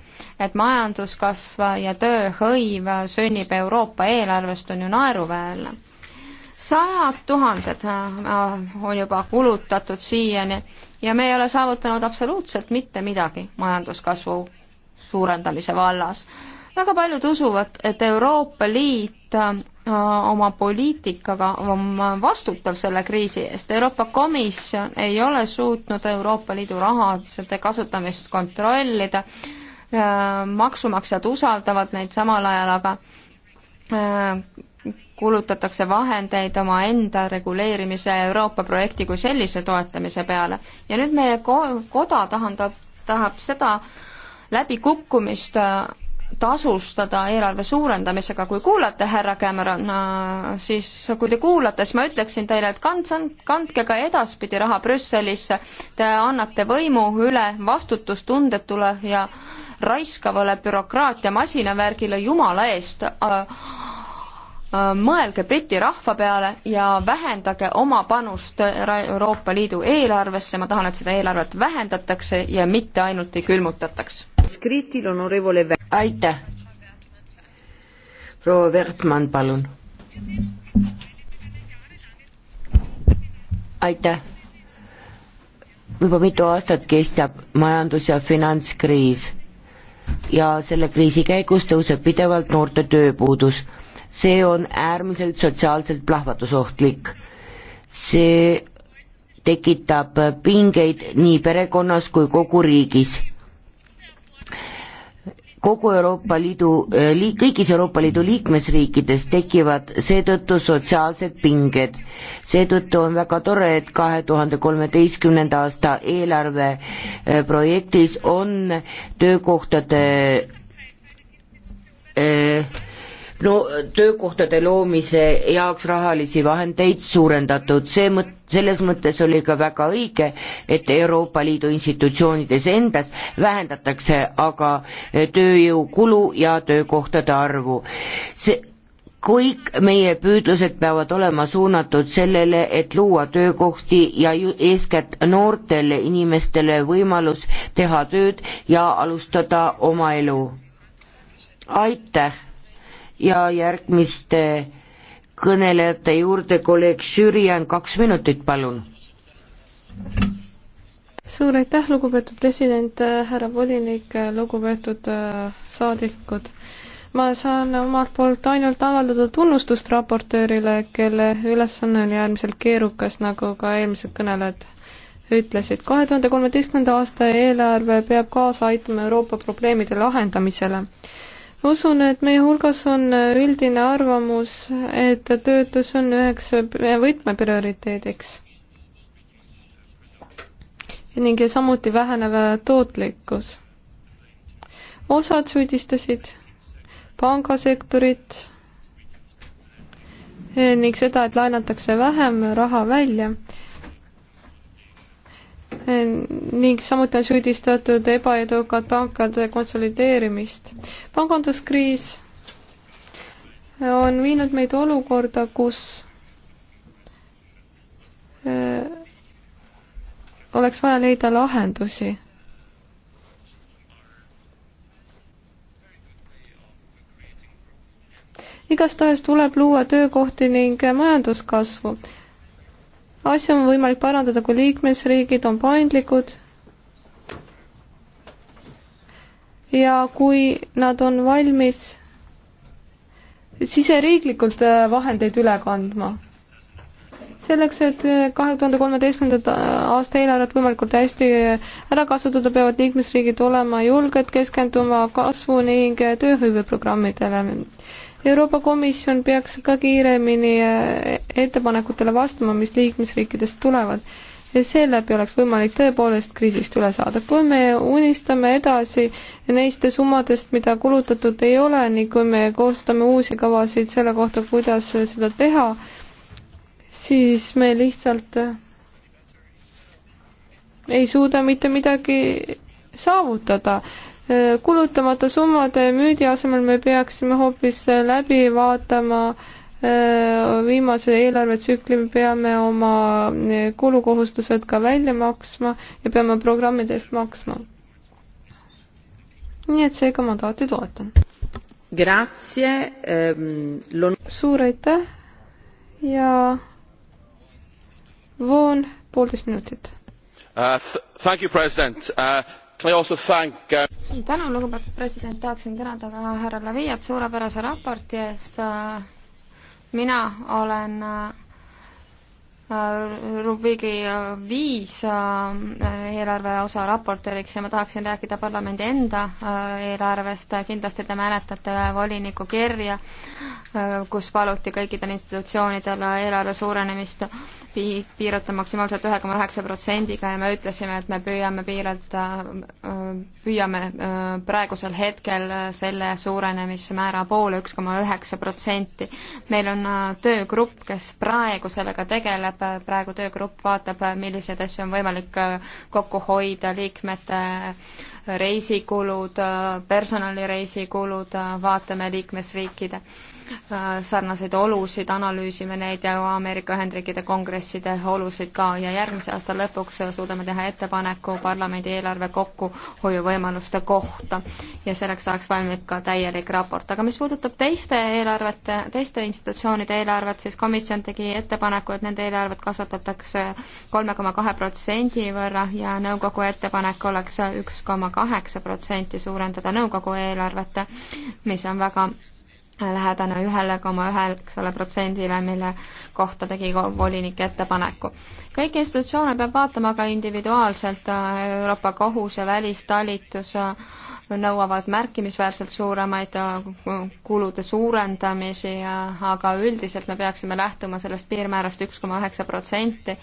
et majanduskasv ja tööhõiv sünnib Euroopa eelarvest, on ju naeruväärne. sajad tuhanded äh, on juba kulutatud siiani ja me ei ole saavutanud absoluutselt mitte midagi majanduskasvu suurendamise vallas väga paljud usuvad, et Euroopa Liit äh, oma poliitikaga on vastutav selle kriisi eest. Euroopa Komisjon ei ole suutnud Euroopa Liidu rahade kasutamist kontrollida, äh, maksumaksjad usaldavad neid samal ajal, aga äh, kulutatakse vahendeid omaenda reguleerimise Euroopa projekti kui sellise toetamise peale. ja nüüd meie ko-, koda tahandab, tahab seda läbikukkumist tasustada eelarve suurendamisega, kui kuulate, härra Cameron, äh, siis kui te kuulate, siis ma ütleksin teile, et kandsan, kandke ka edaspidi raha Brüsselisse, te annate võimu üle vastutustundetule ja raiskavale bürokraatia masinavärgile, jumala eest äh,, äh mõelge Briti rahva peale ja vähendage oma panust Euroopa Liidu eelarvesse, ma tahan, et seda eelarvet vähendatakse ja mitte ainult ei külmutataks aitäh. proua Wertmann, palun. aitäh. juba mitu aastat kestab majandus- ja finantskriis ja selle kriisi käigus tõuseb pidevalt noorte tööpuudus. see on äärmiselt sotsiaalselt plahvatusohtlik. see tekitab pingeid nii perekonnas kui kogu riigis kogu Euroopa Liidu eh, liik,, kõigis Euroopa Liidu liikmesriikides tekivad seetõttu sotsiaalsed pinged. seetõttu on väga tore, et kahe tuhande kolmeteistkümnenda aasta eelarve eh, projektis on töökohtade eh, no töökohtade loomise jaoks rahalisi vahendeid suurendatud, see mõt-, selles mõttes oli ka väga õige, et Euroopa Liidu institutsioonides endas vähendatakse aga tööjõukulu ja töökohtade arvu. see, kõik meie püüdlused peavad olema suunatud sellele, et luua töökohti ja ju, eeskätt noortele inimestele võimalus teha tööd ja alustada oma elu. aitäh! ja järgmiste kõnelejate juurde kolleeg Jürian, kaks minutit, palun. suur aitäh, lugupeetud president, äh, härra volinik, äh, lugupeetud äh, saadikud. ma saan omalt poolt ainult avaldada tunnustust raportöörile, kelle ülesanne oli äärmiselt keerukas, nagu ka eelmised kõnelejad ütlesid. kahe tuhande kolmeteistkümnenda aasta eelarve peab kaasa aitama Euroopa probleemide lahendamisele usun, et meie hulgas on äh, üldine arvamus, et töötus on üheks äh, võtmeprioriteediks. ning samuti vähenev tootlikkus. osad süüdistasid pangasektorit eh, ning seda, et laenatakse vähem raha välja ning samuti on süüdistatud ebaedukat pankade konsolideerimist. panganduskriis on viinud meid olukorda, kus äh, oleks vaja leida lahendusi. igastahes tuleb luua töökohti ning majanduskasvu asju on võimalik parandada, kui liikmesriigid on paindlikud ja kui nad on valmis siseriiklikult äh, vahendeid üle kandma. selleks, et äh, kahe tuhande kolmeteistkümnendat äh, aasta eelarvet võimalikult hästi ära kasutada, peavad liikmesriigid olema julged keskenduma kasvu ning tööhõiveprogrammidele. Euroopa Komisjon peaks ka kiiremini äh, ettepanekutele vastama, mis liikmesriikidest tulevad. seeläbi oleks võimalik tõepoolest kriisist üle saada. kui me unistame edasi neist summadest, mida kulutatud ei ole, nii kui me koostame uusi kavasid selle kohta, kuidas seda teha, siis me lihtsalt äh, ei suuda mitte midagi saavutada kulutamata summade müüdi asemel me peaksime hoopis läbi vaatama äh, viimase eelarvetsükli, me peame oma äh, kulukohustused ka välja maksma ja peame programmide eest maksma. nii et seega mandaati toetan. Grazie ehm,. suur aitäh ja voon poolteist minutit uh,. Thank you, president uh,. Uh, suur tänu, lugupeetud president, tahaksin tänada ka härra Leviat suurepärase raporti eest. Äh, mina olen äh, äh, rubriigi viis eelarve osa raportööriks ja ma tahaksin rääkida parlamendi enda eelarvest. kindlasti te mäletate voliniku kirja, kus paluti kõikidel institutsioonidel eelarve suurenemist pi-, piirata maksimaalselt ühe koma üheksa protsendiga ja me ütlesime, et me püüame piirata, püüame äh, praegusel hetkel äh, selle suurenemismäära poole, üks koma üheksa protsenti. meil on äh, töögrupp, kes praegu sellega tegeleb, praegu töögrupp vaatab, milliseid asju on võimalik kokku hoida, liikmete reisikulud, personalireisikulud, vaatame liikmesriikide Äh, sarnaseid olusid, analüüsime neid ja Ameerika Ühendriikide kongresside olusid ka ja järgmise aasta lõpuks suudame teha ettepaneku parlamendi eelarve kokkuhoiuvõimaluste kohta. ja selleks ajaks valmib ka täielik raport, aga mis puudutab teiste eelarvete, teiste institutsioonide eelarvet, siis komisjon tegi ettepaneku, et nende eelarvet kasvatatakse kolme koma kahe protsendi võrra ja nõukogu ettepanek oleks üks koma kaheksa protsenti suurendada nõukogu eelarvet, mis on väga lähedane ühele koma üheksale protsendile, mille kohta tegi volinik ettepaneku. kõiki institutsioone peab vaatama ka individuaalselt, äh, Euroopa Kohus ja välistalitus äh, nõuavad märkimisväärselt suuremaid äh, kulude suurendamisi, aga üldiselt me peaksime lähtuma sellest piirmäärast üks koma üheksa protsenti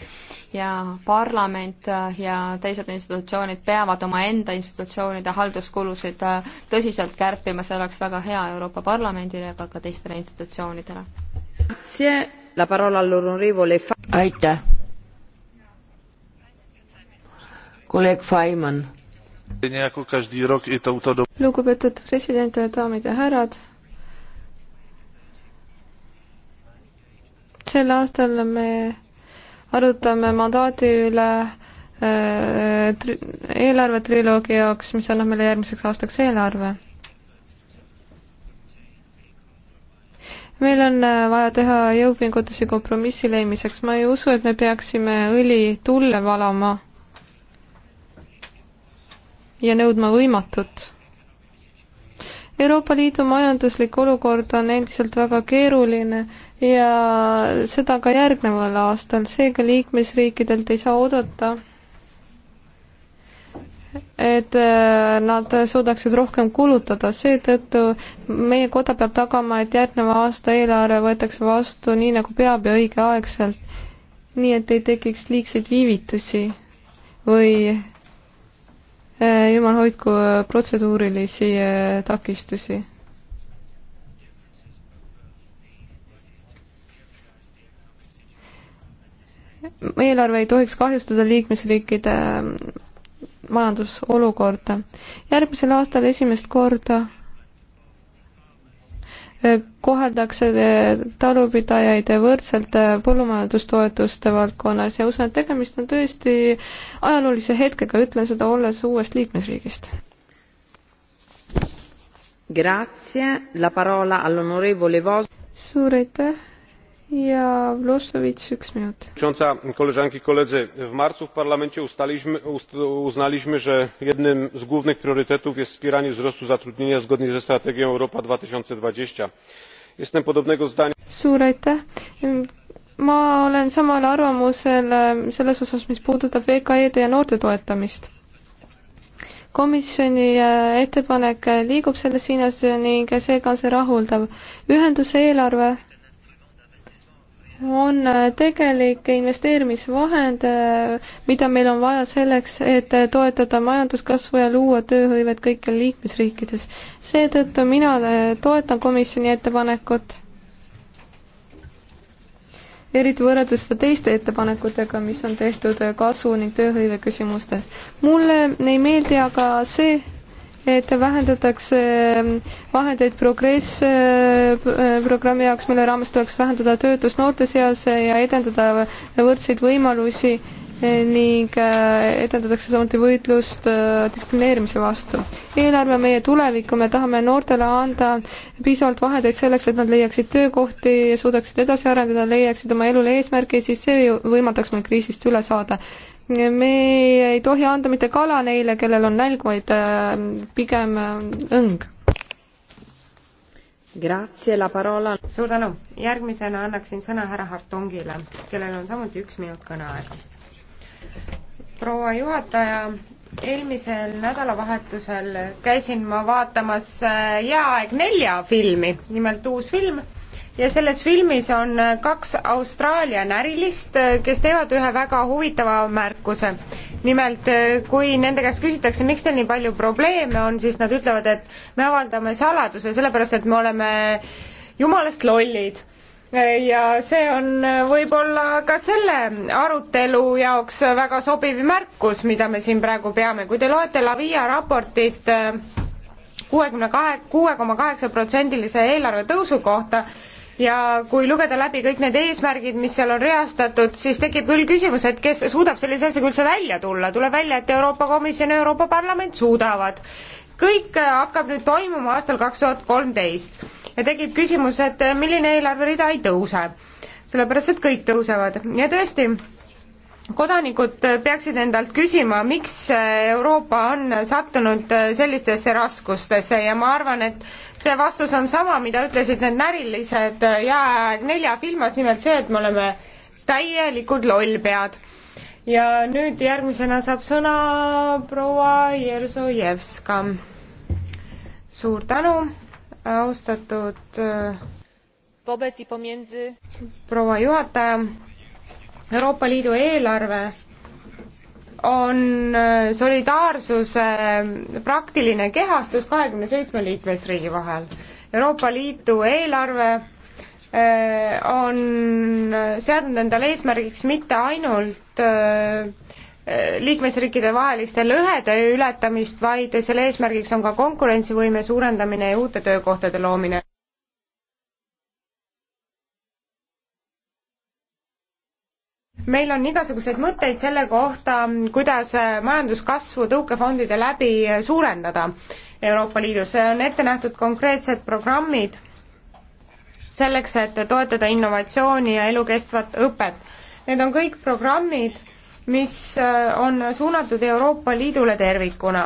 ja parlament äh, ja teised institutsioonid peavad omaenda institutsioonide halduskulusid äh, tõsiselt kärpima, see oleks väga hea Euroopa Parlamendile, aga ka teistele institutsioonidele. aitäh. kolleeg Faimann lugupeetud president, daamid ja härrad. sel aastal me arutame mandaadi üle eh, eelarvetriloogi jaoks, mis annab meile järgmiseks aastaks eelarve. meil on eh, vaja teha jõupingutusi kompromissi leidmiseks, ma ei usu, et me peaksime õli tulle valama ja nõudma võimatut. Euroopa Liidu majanduslik olukord on endiselt väga keeruline ja seda ka järgneval aastal, seega liikmesriikidelt ei saa oodata, et äh, nad suudaksid rohkem kulutada, seetõttu meie koda peab tagama, et järgneva aasta eelarve võetakse vastu nii, nagu peab ja õigeaegselt, nii et ei tekiks liigseid viivitusi või Eh, jumal hoidku eh, protseduurilisi eh, takistusi. eelarve ei tohiks kahjustada liikmesriikide majandusolukorda. järgmisel aastal esimest korda koheldakse eh, talupidajaid võrdselt eh, põllumajandustoetuste valdkonnas ja usun, et tegemist on tõesti ajaloolise hetkega, ütlen seda olles uuest liikmesriigist. suur aitäh ja Wlosowicz, üks minut. koleżanki koledzy w marcu w parlamencie ustaliśmy, uznaliśmy że jednym z głównych priorytetów jest wspieranie wzrostu zatrudnienia zgodnie ze strategią europa. dwa tysiące dwadzieścia jestem podobnego zdania. suur aitäh ma olen samal arvamusel ehm, selles osas mis puudutab VKE-de ja noorte toetamist komisjoni eh, ettepanek eh, liigub selles suunas ning eh, seega on see rahuldav ühenduse eelarve on äh, tegelik investeerimisvahend, äh, mida meil on vaja selleks, et äh, toetada majanduskasvu ja luua tööhõivet kõikjal liikmesriikides. seetõttu mina toetan komisjoni ettepanekut, eriti võrreldes seda teiste ettepanekutega, mis on tehtud kasu ning tööhõive küsimustes. mulle ei meeldi aga see, et vähendatakse ähm, vahendeid progress äh, äh, programmi jaoks, mille raames tuleks vähendada töötust noorte seas äh, ja edendada võrdseid võimalusi ning edendatakse samuti võitlust diskrimineerimise vastu. eelarve on meie tulevik, kui me tahame noortele anda piisavalt vahendeid selleks, et nad leiaksid töökohti, suudaksid edasi arendada, leiaksid oma elule eesmärgi, siis see võimaldaks meil kriisist üle saada me ei tohi anda mitte kala neile, kellel on nälg, vaid äh, pigem äh, õng. suur tänu, järgmisena annaksin sõna härra Hartongile, kellel on samuti üks minut kõneaega. proua juhataja, eelmisel nädalavahetusel käisin ma vaatamas Jääaeg äh, nelja filmi, nimelt uus film ja selles filmis on äh, kaks Austraalia närilist, äh, kes teevad ühe väga huvitava märkuse. nimelt, äh, kui nende käest küsitakse, miks teil nii palju probleeme on, siis nad ütlevad, et me avaldame saladuse, sellepärast et me oleme jumalast lollid ja see on võib-olla ka selle arutelu jaoks väga sobiv märkus, mida me siin praegu peame, kui te loete La Via raportit kuuekümne kahe, kuue koma kaheksa protsendilise eelarve tõusu kohta, ja kui lugeda läbi kõik need eesmärgid, mis seal on reastatud, siis tekib küll küsimus, et kes suudab sellise asjaga üldse välja tulla, tuleb välja, et Euroopa Komisjon ja Euroopa Parlament suudavad. kõik hakkab nüüd toimuma aastal kaks tuhat kolmteist ja tekib küsimus, et milline eelarverida ei tõuse, sellepärast et kõik tõusevad ja tõesti kodanikud peaksid endalt küsima, miks Euroopa on sattunud sellistesse raskustesse ja ma arvan, et see vastus on sama, mida ütlesid need närilised Jääaeg nelja filmas, nimelt see, et me oleme täielikud lollpead. ja nüüd järgmisena saab sõna proua Jersojevska. suur tänu, austatud äh, proua juhataja Euroopa Liidu eelarve on äh, solidaarsuse äh, praktiline kehastus kahekümne seitsme liikmesriigi vahel. Euroopa Liidu eelarve äh, on seadnud endale eesmärgiks mitte ainult liikmesriikide vaheliste lõhede ületamist, vaid selle eesmärgiks on ka konkurentsivõime suurendamine ja uute töökohtade loomine. meil on igasuguseid mõtteid selle kohta, kuidas äh, majanduskasvu tõukefondide läbi äh, suurendada Euroopa Liidus, on ette nähtud konkreetsed programmid selleks, et toetada innovatsiooni ja elukestvat õpet. Need on kõik programmid, mis äh, on suunatud Euroopa Liidule tervikuna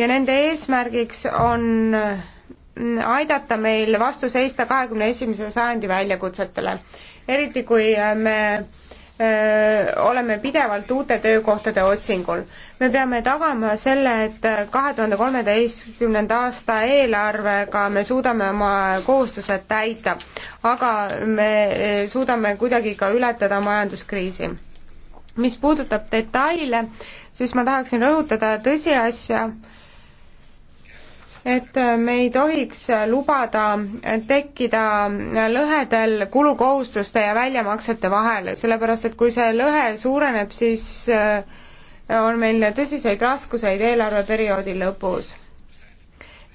ja nende eesmärgiks on aidata meil vastu seista kahekümne esimese sajandi väljakutsetele. eriti, kui me oleme pidevalt uute töökohtade otsingul. me peame tagama selle, et kahe tuhande kolmeteistkümnenda aasta eelarvega me suudame oma kohustused täita, aga me suudame kuidagi ka ületada majanduskriisi. mis puudutab detaile, siis ma tahaksin rõhutada tõsiasja, et äh, me ei tohiks lubada tekkida lõhedel kulukohustuste ja väljamaksete vahel, sellepärast et kui see lõhe suureneb, siis äh, on meil tõsiseid raskuseid eelarveperioodi lõpus.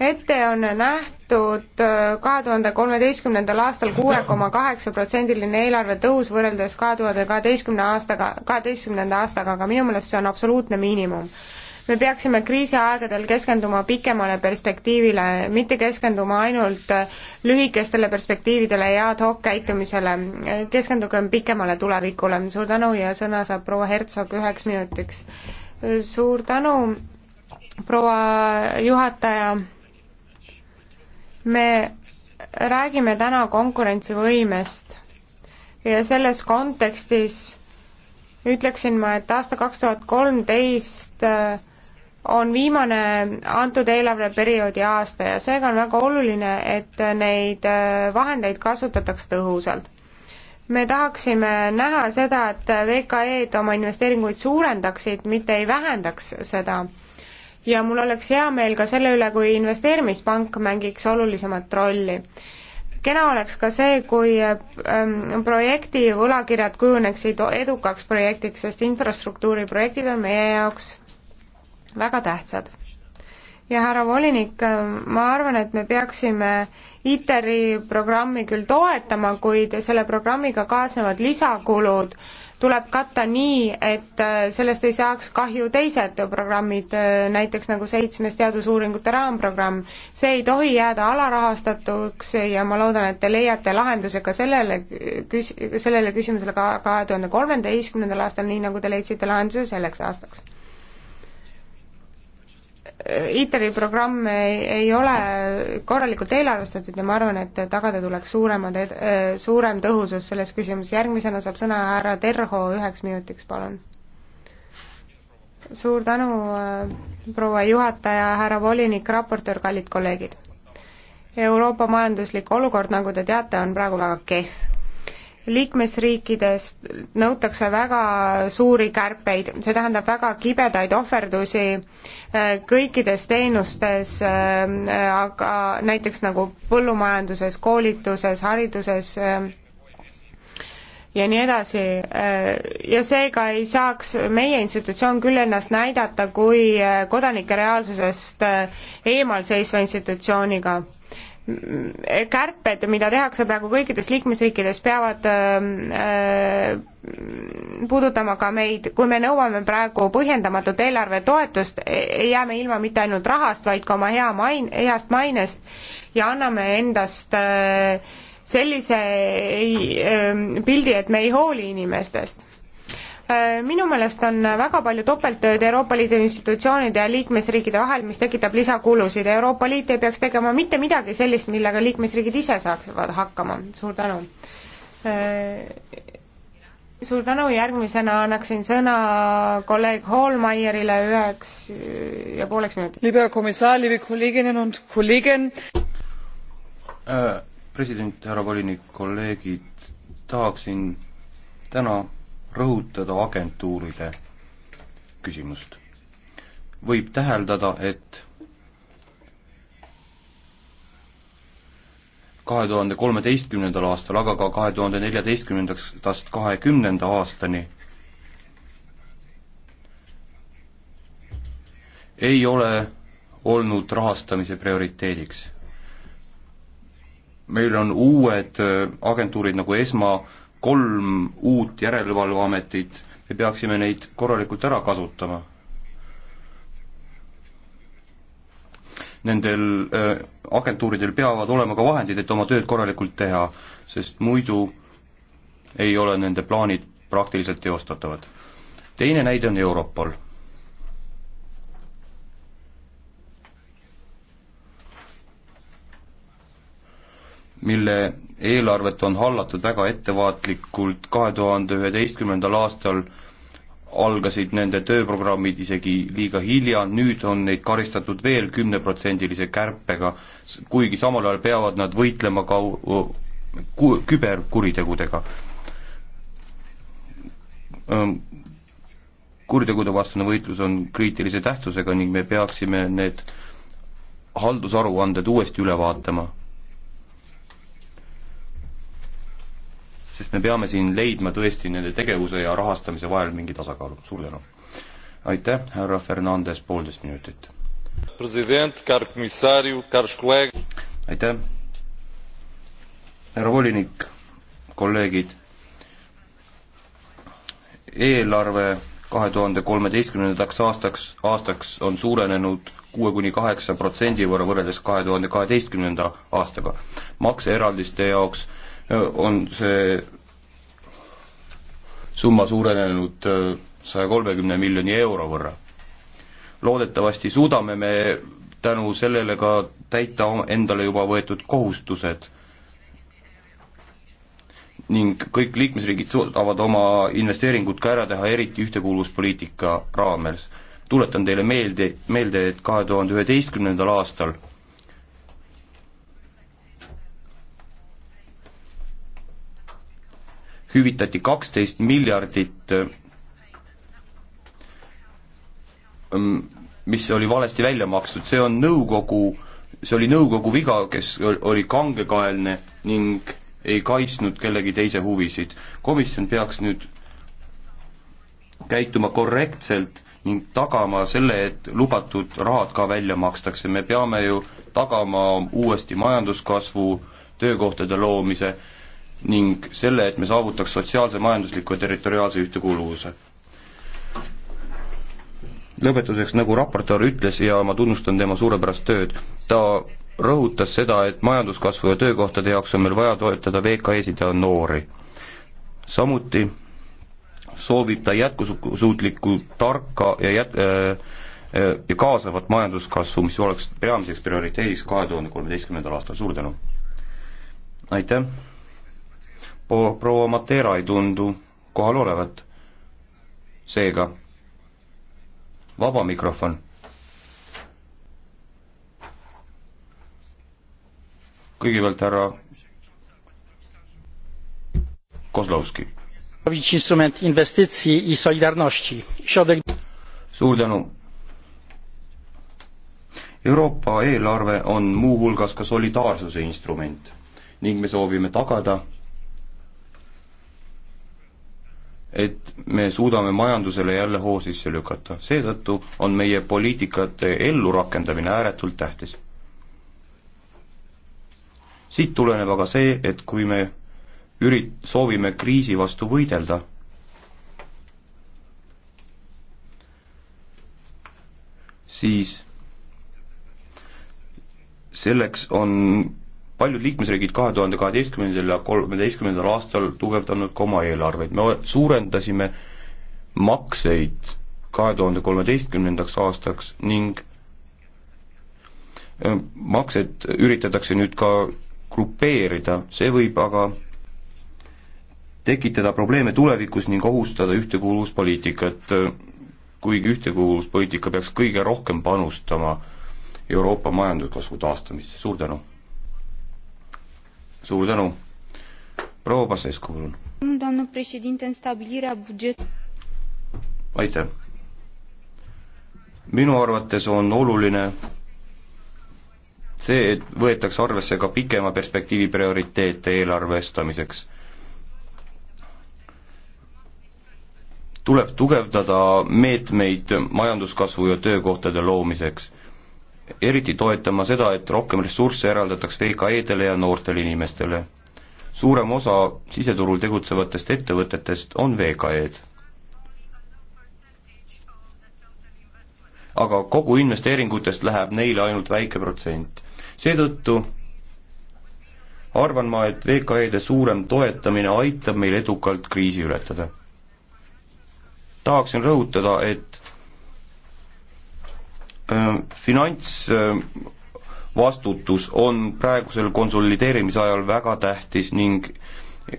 ette on nähtud äh, kahe tuhande kolmeteistkümnendal aastal kuue koma kaheksa protsendiline eelarve tõus võrreldes kahe tuhande kaheteistkümne aastaga, kaheteistkümnenda aastaga, aga minu meelest see on absoluutne miinimum me peaksime kriisiaegadel keskenduma pikemale perspektiivile, mitte keskenduma ainult äh, lühikestele perspektiividele ja ad hoc käitumisele. keskendugem pikemale tulevikule. suur tänu ja sõna saab proua Hertsog üheks minutiks. suur tänu, proua juhataja. me räägime täna konkurentsivõimest ja selles kontekstis ütleksin ma, et aasta kaks tuhat kolmteist äh, on viimane antud eelarveperioodi aasta ja seega on väga oluline, et neid äh, vahendeid kasutataks tõhusalt. me tahaksime näha seda, et VKE-d oma investeeringuid suurendaksid, mitte ei vähendaks seda. ja mul oleks hea meel ka selle üle, kui investeerimispank mängiks olulisemat rolli kena oleks ka see, kui ähm, projekti võlakirjad kujuneksid edukaks projektiks, sest infrastruktuuriprojektid on meie jaoks väga tähtsad. ja härra volinik, ma arvan, et me peaksime ITER-i programmi küll toetama, kuid selle programmiga kaasnevad lisakulud tuleb katta nii, et äh, sellest ei saaks kahju teised programmid, äh, näiteks nagu seitsmes teadusuuringute raamprogramm. see ei tohi jääda alarahastatuks ja ma loodan, et te leiate lahenduse ka sellele küs-, sellele küsimusele ka kahe tuhande kolmeteistkümnendal aastal, nii nagu te leidsite lahenduse selleks aastaks ITER-i programm ei, ei ole korralikult eelarvestatud ja ma arvan, et tagada tuleks suuremad, äh, suurem tõhusus selles küsimuses. järgmisena saab sõna härra Terho üheks minutiks, palun. suur tänu, äh, proua juhataja, härra volinik, raportöör, kallid kolleegid. Euroopa majanduslik olukord, nagu te teate, on praegu väga kehv liikmesriikides nõutakse väga suuri kärpeid, see tähendab väga kibedaid ohverdusi äh, kõikides teenustes, äh, aga näiteks nagu põllumajanduses, koolituses, hariduses äh, ja nii edasi. ja seega ei saaks meie institutsioon küll ennast näidata kui kodanike reaalsusest eemal seisva institutsiooniga kärped, mida tehakse praegu kõikides liikmesriikides, peavad äh, puudutama ka meid, kui me nõuame praegu põhjendamatut eelarvetoetust, ei jää me ilma mitte ainult rahast, vaid ka oma hea main-, heast mainest ja anname endast äh, sellise äh, pildi, et me ei hooli inimestest Äh, minu meelest on väga palju topelttööd Euroopa Liidu institutsioonide ja liikmesriikide vahel, mis tekitab lisakulusid. Euroopa Liit ei peaks tegema mitte midagi sellist, millega liikmesriigid ise saaksid hakkama. suur tänu. Äh, suur tänu, järgmisena annaksin sõna kolleeg Hallmeierile üheks ja pooleks minutiks. Äh, president, härra volinik, kolleegid, tahaksin täna rõhutada agentuuride küsimust. võib täheldada, et kahe tuhande kolmeteistkümnendal aastal, aga ka kahe tuhande neljateistkümnendast kahekümnenda aastani ei ole olnud rahastamise prioriteediks. meil on uued agentuurid nagu ESMA, kolm uut järelevalveametit, me peaksime neid korralikult ära kasutama. Nendel äh, agentuuridel peavad olema ka vahendid, et oma tööd korralikult teha, sest muidu ei ole nende plaanid praktiliselt teostatavad. teine näide on Europol mille eelarvet on hallatud väga ettevaatlikult, kahe tuhande üheteistkümnendal aastal algasid nende tööprogrammid isegi liiga hilja, nüüd on neid karistatud veel kümneprotsendilise kärpega, kuigi samal ajal peavad nad võitlema ka ku-, küberkuritegudega. kuritegude vastane võitlus on kriitilise tähtsusega ning me peaksime need haldusaruanded uuesti üle vaatama sest me peame siin leidma tõesti nende tegevuse ja rahastamise vahel mingi tasakaalu, suur tänu. aitäh, härra Fernandes, poolteist minutit. president, aitäh, härra volinik, kolleegid, eelarve kahe tuhande kolmeteistkümnendaks aastaks, aastaks on suurenenud kuue kuni kaheksa protsendi võrra võrreldes kahe tuhande kaheteistkümnenda aastaga. makseeraldiste jaoks on see summa suurenenud äh, saja kolmekümne miljoni euro võrra. loodetavasti suudame me tänu sellele ka täita endale juba võetud kohustused ning kõik liikmesriigid suudavad oma investeeringud ka ära teha, eriti ühtekuuluvuspoliitika raames. tuletan teile meelde, meelde, et kahe tuhande üheteistkümnendal aastal hüvitati kaksteist miljardit, ähm, mis oli valesti välja makstud, see on nõukogu, see oli nõukogu viga, kes oli kangekaelne ning ei kaitsnud kellegi teise huvisid. komisjon peaks nüüd käituma korrektselt ning tagama selle, et lubatud rahad ka välja makstakse, me peame ju tagama uuesti majanduskasvu, töökohtade loomise ning selle, et me saavutaks sotsiaalse, majandusliku ja territoriaalse ühtekuuluvuse. lõpetuseks, nagu raportöör ütles ja ma tunnustan tema suurepärast tööd, ta rõhutas seda, et majanduskasvu ja töökohtade jaoks on meil vaja toetada VKE-sid ja noori. samuti soovib ta jätkusuutlikku, tarka ja jät- äh,, äh, ja kaasavat majanduskasvu, mis oleks peamiseks prioriteediks kahe tuhande kolmeteistkümnendal aastal, suur tänu! aitäh! Oh, proua Matera ei tundu kohal olevat. seega vaba mikrofon. kõigepealt härra Kozlovski. instrument investicji i solidarności. Środek... suur tänu. Euroopa eelarve on muuhulgas ka solidaarsuse instrument ning me soovime tagada et me suudame majandusele jälle hoo sisse lükata. seetõttu on meie poliitikate ellurakendamine ääretult tähtis. siit tuleneb aga see, et kui me ürit-, soovime kriisi vastu võidelda, siis selleks on paljud liikmesriigid kahe tuhande kaheteistkümnendal ja kolmeteistkümnendal aastal tugevdanud ka oma eelarveid, me suurendasime makseid kahe tuhande kolmeteistkümnendaks aastaks ning eh, maksed üritatakse nüüd ka grupeerida, see võib aga tekitada probleeme tulevikus ning ohustada ühtekuuluvuspoliitikat, eh, kuigi ühtekuuluvuspoliitika peaks kõige rohkem panustama Euroopa majanduskasvu taastamisse, suur tänu! suur tänu. proua Pasescu, palun. aitäh. minu arvates on oluline see, et võetakse arvesse ka pikema perspektiivi prioriteete eelarvestamiseks. tuleb tugevdada meetmeid majanduskasvu ja töökohtade loomiseks eriti toetama seda, et rohkem ressursse eraldataks VKE-dele ja noortele inimestele. suurem osa siseturul tegutsevatest ettevõtetest on VKE-d. aga kogu investeeringutest läheb neile ainult väike protsent. seetõttu arvan ma, et VKE-de suurem toetamine aitab meil edukalt kriisi ületada. tahaksin rõhutada, et Äh, finantsvastutus äh, on praegusel konsolideerimise ajal väga tähtis ning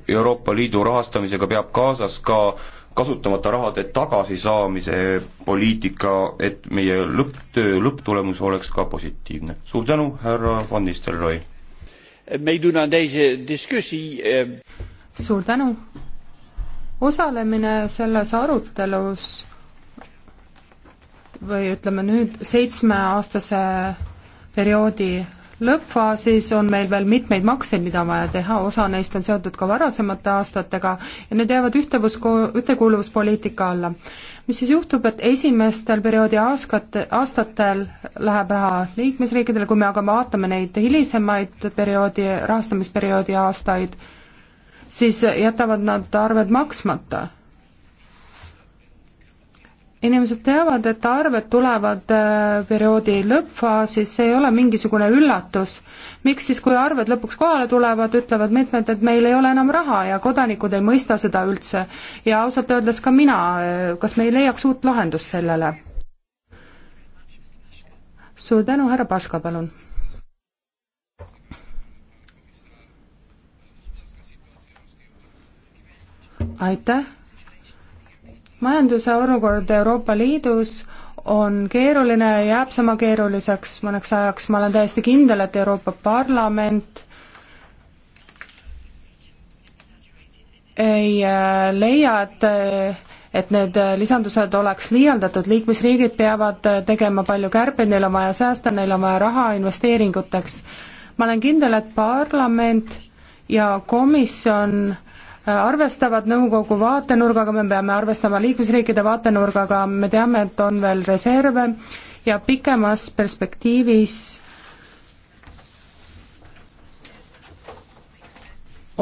Euroopa Liidu rahastamisega peab kaasas ka kasutamata rahade tagasisaamise poliitika, et meie lõpptöö lõpptulemus oleks ka positiivne. suur tänu, härra Van Nistelrooy! Äh, suur tänu! osalemine selles arutelus või ütleme nüüd seitsmeaastase perioodi lõppfaasis on meil veel mitmeid makseid, mida on vaja teha, osa neist on seotud ka varasemate aastatega ja need jäävad ühtevus, ühtekuuluvuspoliitika alla. mis siis juhtub, et esimestel perioodi aastate, aastatel läheb raha liikmesriikidele, kui me aga vaatame neid hilisemaid perioodi, rahastamisperioodi aastaid, siis jätavad nad arved maksmata inimesed teavad, et arved tulevad äh, perioodi lõppfaasis, see ei ole mingisugune üllatus. miks siis, kui arved lõpuks kohale tulevad, ütlevad mitmed, et meil ei ole enam raha ja kodanikud ei mõista seda üldse. ja ausalt öeldes ka mina, äh, kas me ei leiaks uut lahendust sellele? suur tänu, härra Paška, palun. aitäh majanduse olukord Euroopa Liidus on keeruline ja jääb sama keeruliseks mõneks ajaks, ma olen täiesti kindel, et Euroopa Parlament ei äh, leia, et äh, et need äh, lisandused oleks liialdatud, liikmesriigid peavad tegema palju kärpeid, neil on vaja säästa, neil on vaja raha investeeringuteks. ma olen kindel, et parlament ja komisjon arvestavad nõukogu vaatenurgaga, me peame arvestama liikmesriikide vaatenurgaga, me teame, et on veel reserve ja pikemas perspektiivis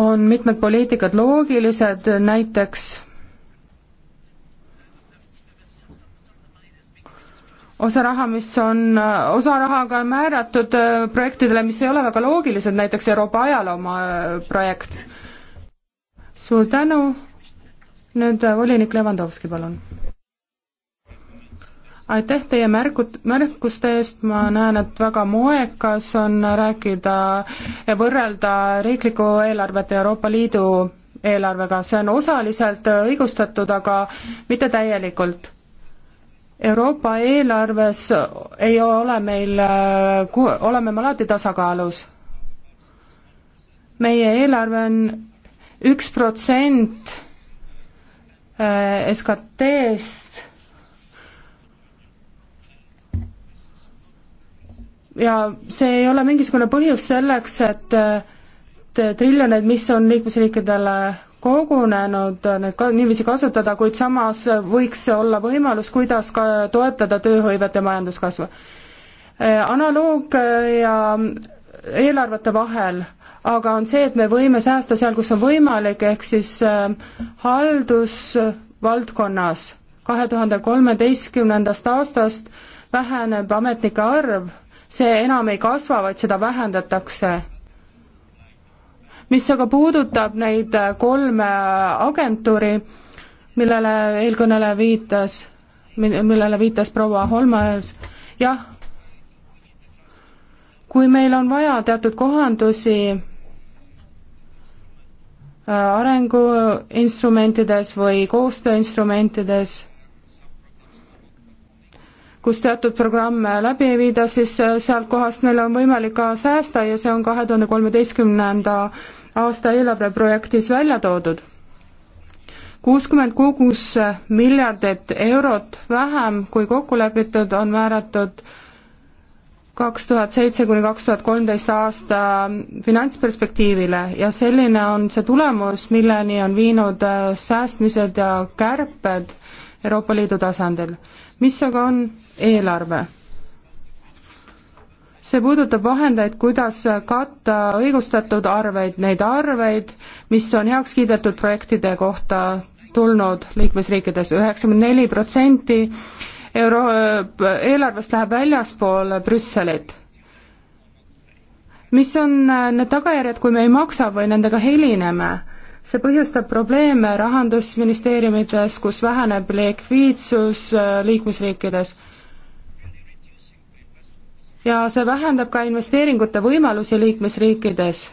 on mitmed poliitikad loogilised, näiteks osa raha, mis on, osa rahaga on määratud projektidele, mis ei ole väga loogilised, näiteks Euroopa ajaloomaa projekt suur tänu, nüüd äh, volinik Levandovski, palun. aitäh teie märkud, märkuste eest, ma näen, et väga moekas on rääkida ja võrrelda riiklikku eelarvet Euroopa Liidu eelarvega, see on osaliselt õigustatud, aga mitte täielikult Euroopa eelarves ei ole meil, äh, oleme me alati tasakaalus. meie eelarve on üks protsent äh, SKT-st ja see ei ole mingisugune põhjus selleks, et, et äh, triljoneid, mis on liikmesriikidele kogunenud, äh, need ka niiviisi kasutada, kuid samas võiks olla võimalus, kuidas ka toetada tööhõivet ja majanduskasvu. analoog ja eelarvete vahel aga on see, et me võime säästa seal, kus on võimalik, ehk siis äh, haldusvaldkonnas kahe tuhande kolmeteistkümnendast aastast väheneb ametnike arv, see enam ei kasva, vaid seda vähendatakse. mis aga puudutab neid äh, kolme äh, agentuuri, millele eelkõneleja viitas, millele viitas proua Holmaels, jah, kui meil on vaja teatud kohandusi Äh, arenguinstrumentides või koostööinstrumentides, kus teatud programme läbi ei viida, siis äh, sealt kohast neil on võimalik ka säästa ja see on kahe tuhande kolmeteistkümnenda aasta eelarveprojektis välja toodud. kuuskümmend kuus miljardit eurot vähem kui kokku lepitud on määratud kaks tuhat seitse kuni kaks tuhat kolmteist aasta finantsperspektiivile ja selline on see tulemus, milleni on viinud äh, säästmised ja kärped Euroopa Liidu tasandil. mis aga on eelarve? see puudutab vahendeid, kuidas katta õigustatud arveid, neid arveid, mis on heaks kiidetud projektide kohta tulnud liikmesriikides, üheksakümmend neli protsenti euro, eelarvest läheb väljaspool Brüsselit. mis on äh, need tagajärjed, kui me ei maksa või nendega helineme? see põhjustab probleeme rahandusministeeriumides, kus väheneb likviidsus äh, liikmesriikides. ja see vähendab ka investeeringute võimalusi liikmesriikides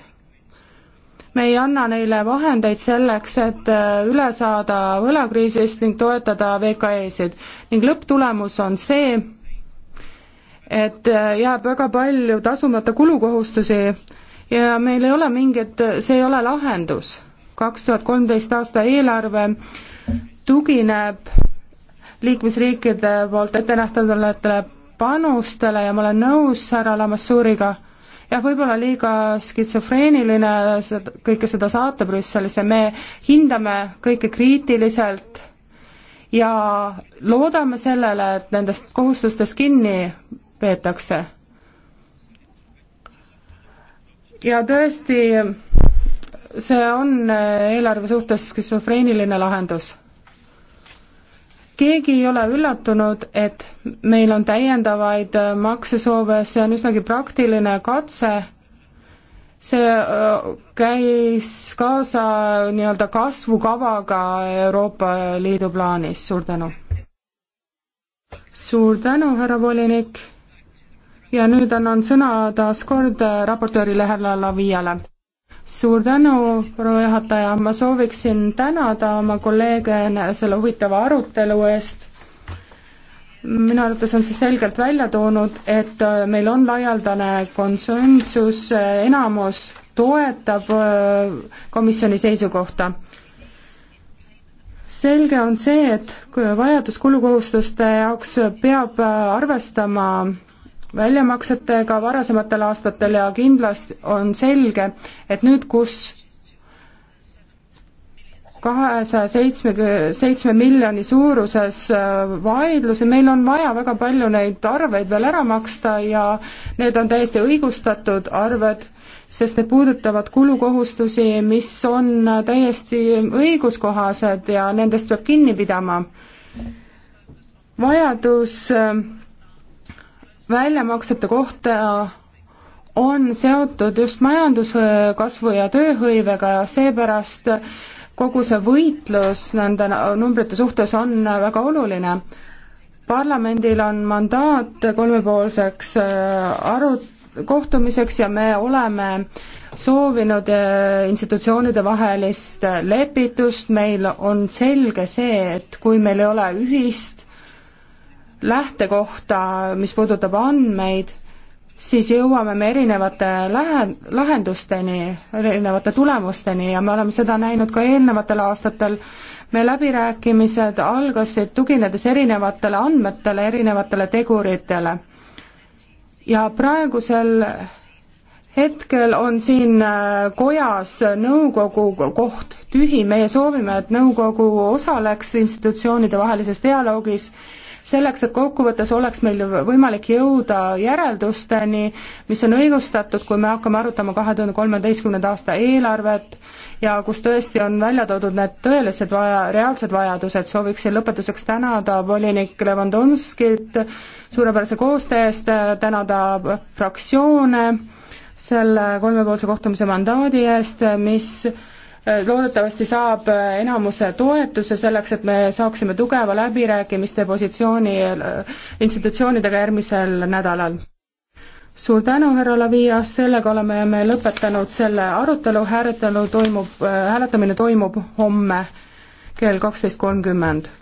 me ei anna neile vahendeid selleks, et äh, üle saada võlakriisist ning toetada VKE-sid. ning lõpptulemus on see, et äh, jääb väga palju tasumata kulukohustusi ja meil ei ole mingit, see ei ole lahendus. kaks tuhat kolmteist aasta eelarve tugineb liikmesriikide poolt ettenähtavatele panustele ja ma olen nõus härra Lamassuuriga jah, võib-olla liiga skitsofreeniline kõike seda saata Brüsselisse, me hindame kõike kriitiliselt ja loodame sellele, et nendest kohustustest kinni peetakse. ja tõesti, see on eelarve suhtes skisofreeniline lahendus keegi ei ole üllatunud, et meil on täiendavaid äh, maksesoove, see on üsnagi praktiline katse, see äh, käis kaasa nii-öelda kasvukavaga Euroopa Liidu plaanis, suur tänu! suur tänu, härra volinik! ja nüüd annan sõna taas kord äh, raportöörile härra Laviale suur tänu, proua juhataja, ma sooviksin tänada oma kolleege selle huvitava arutelu eest. minu arvates on see selgelt välja toonud, et meil on laialdane konsensus, enamus toetab äh, komisjoni seisukohta. selge on see, et vajadus kulukohustuste jaoks peab äh, arvestama väljamaksetega varasematel aastatel ja kindlasti on selge, et nüüd, kus kahesaja seitsme, seitsme miljoni suuruses äh, vaidlusi, meil on vaja väga palju neid arveid veel ära maksta ja need on täiesti õigustatud arved, sest need puudutavad kulukohustusi, mis on täiesti õiguskohased ja nendest peab kinni pidama. vajadus äh, väljamaksete kohta on seotud just majanduskasvu ja tööhõivega ja seepärast kogu see võitlus nende numbrite suhtes on väga oluline. parlamendil on mandaat kolmepoolseks äh, aru-, kohtumiseks ja me oleme soovinud äh, institutsioonide vahelist lepitust, meil on selge see, et kui meil ei ole ühist lähtekohta, mis puudutab andmeid, siis jõuame me erinevate lähe-, lahendusteni, erinevate tulemusteni ja me oleme seda näinud ka eelnevatel aastatel, me läbirääkimised algasid tuginedes erinevatele andmetele, erinevatele teguritele. ja praegusel hetkel on siin äh, kojas nõukogu koht tühi, meie soovime, et nõukogu osaleks institutsioonide vahelises dialoogis selleks, et kokkuvõttes oleks meil võimalik jõuda järeldusteni, mis on õigustatud, kui me hakkame arutama kahe tuhande kolmeteistkümnenda aasta eelarvet ja kus tõesti on välja toodud need tõelised vaja, reaalsed vajadused, sooviksin lõpetuseks tänada volinik Levandonskit suurepärase koostöö eest, tänada fraktsioone selle kolmepoolse kohtumise mandaadi eest, mis Äh, loodetavasti saab äh, enamuse toetuse selleks, et me saaksime tugeva läbirääkimiste positsiooni äh, institutsioonidega järgmisel nädalal. suur tänu, härra Lavias, sellega oleme me lõpetanud selle arutelu, hääletelu toimub, hääletamine toimub homme kell kaksteist kolmkümmend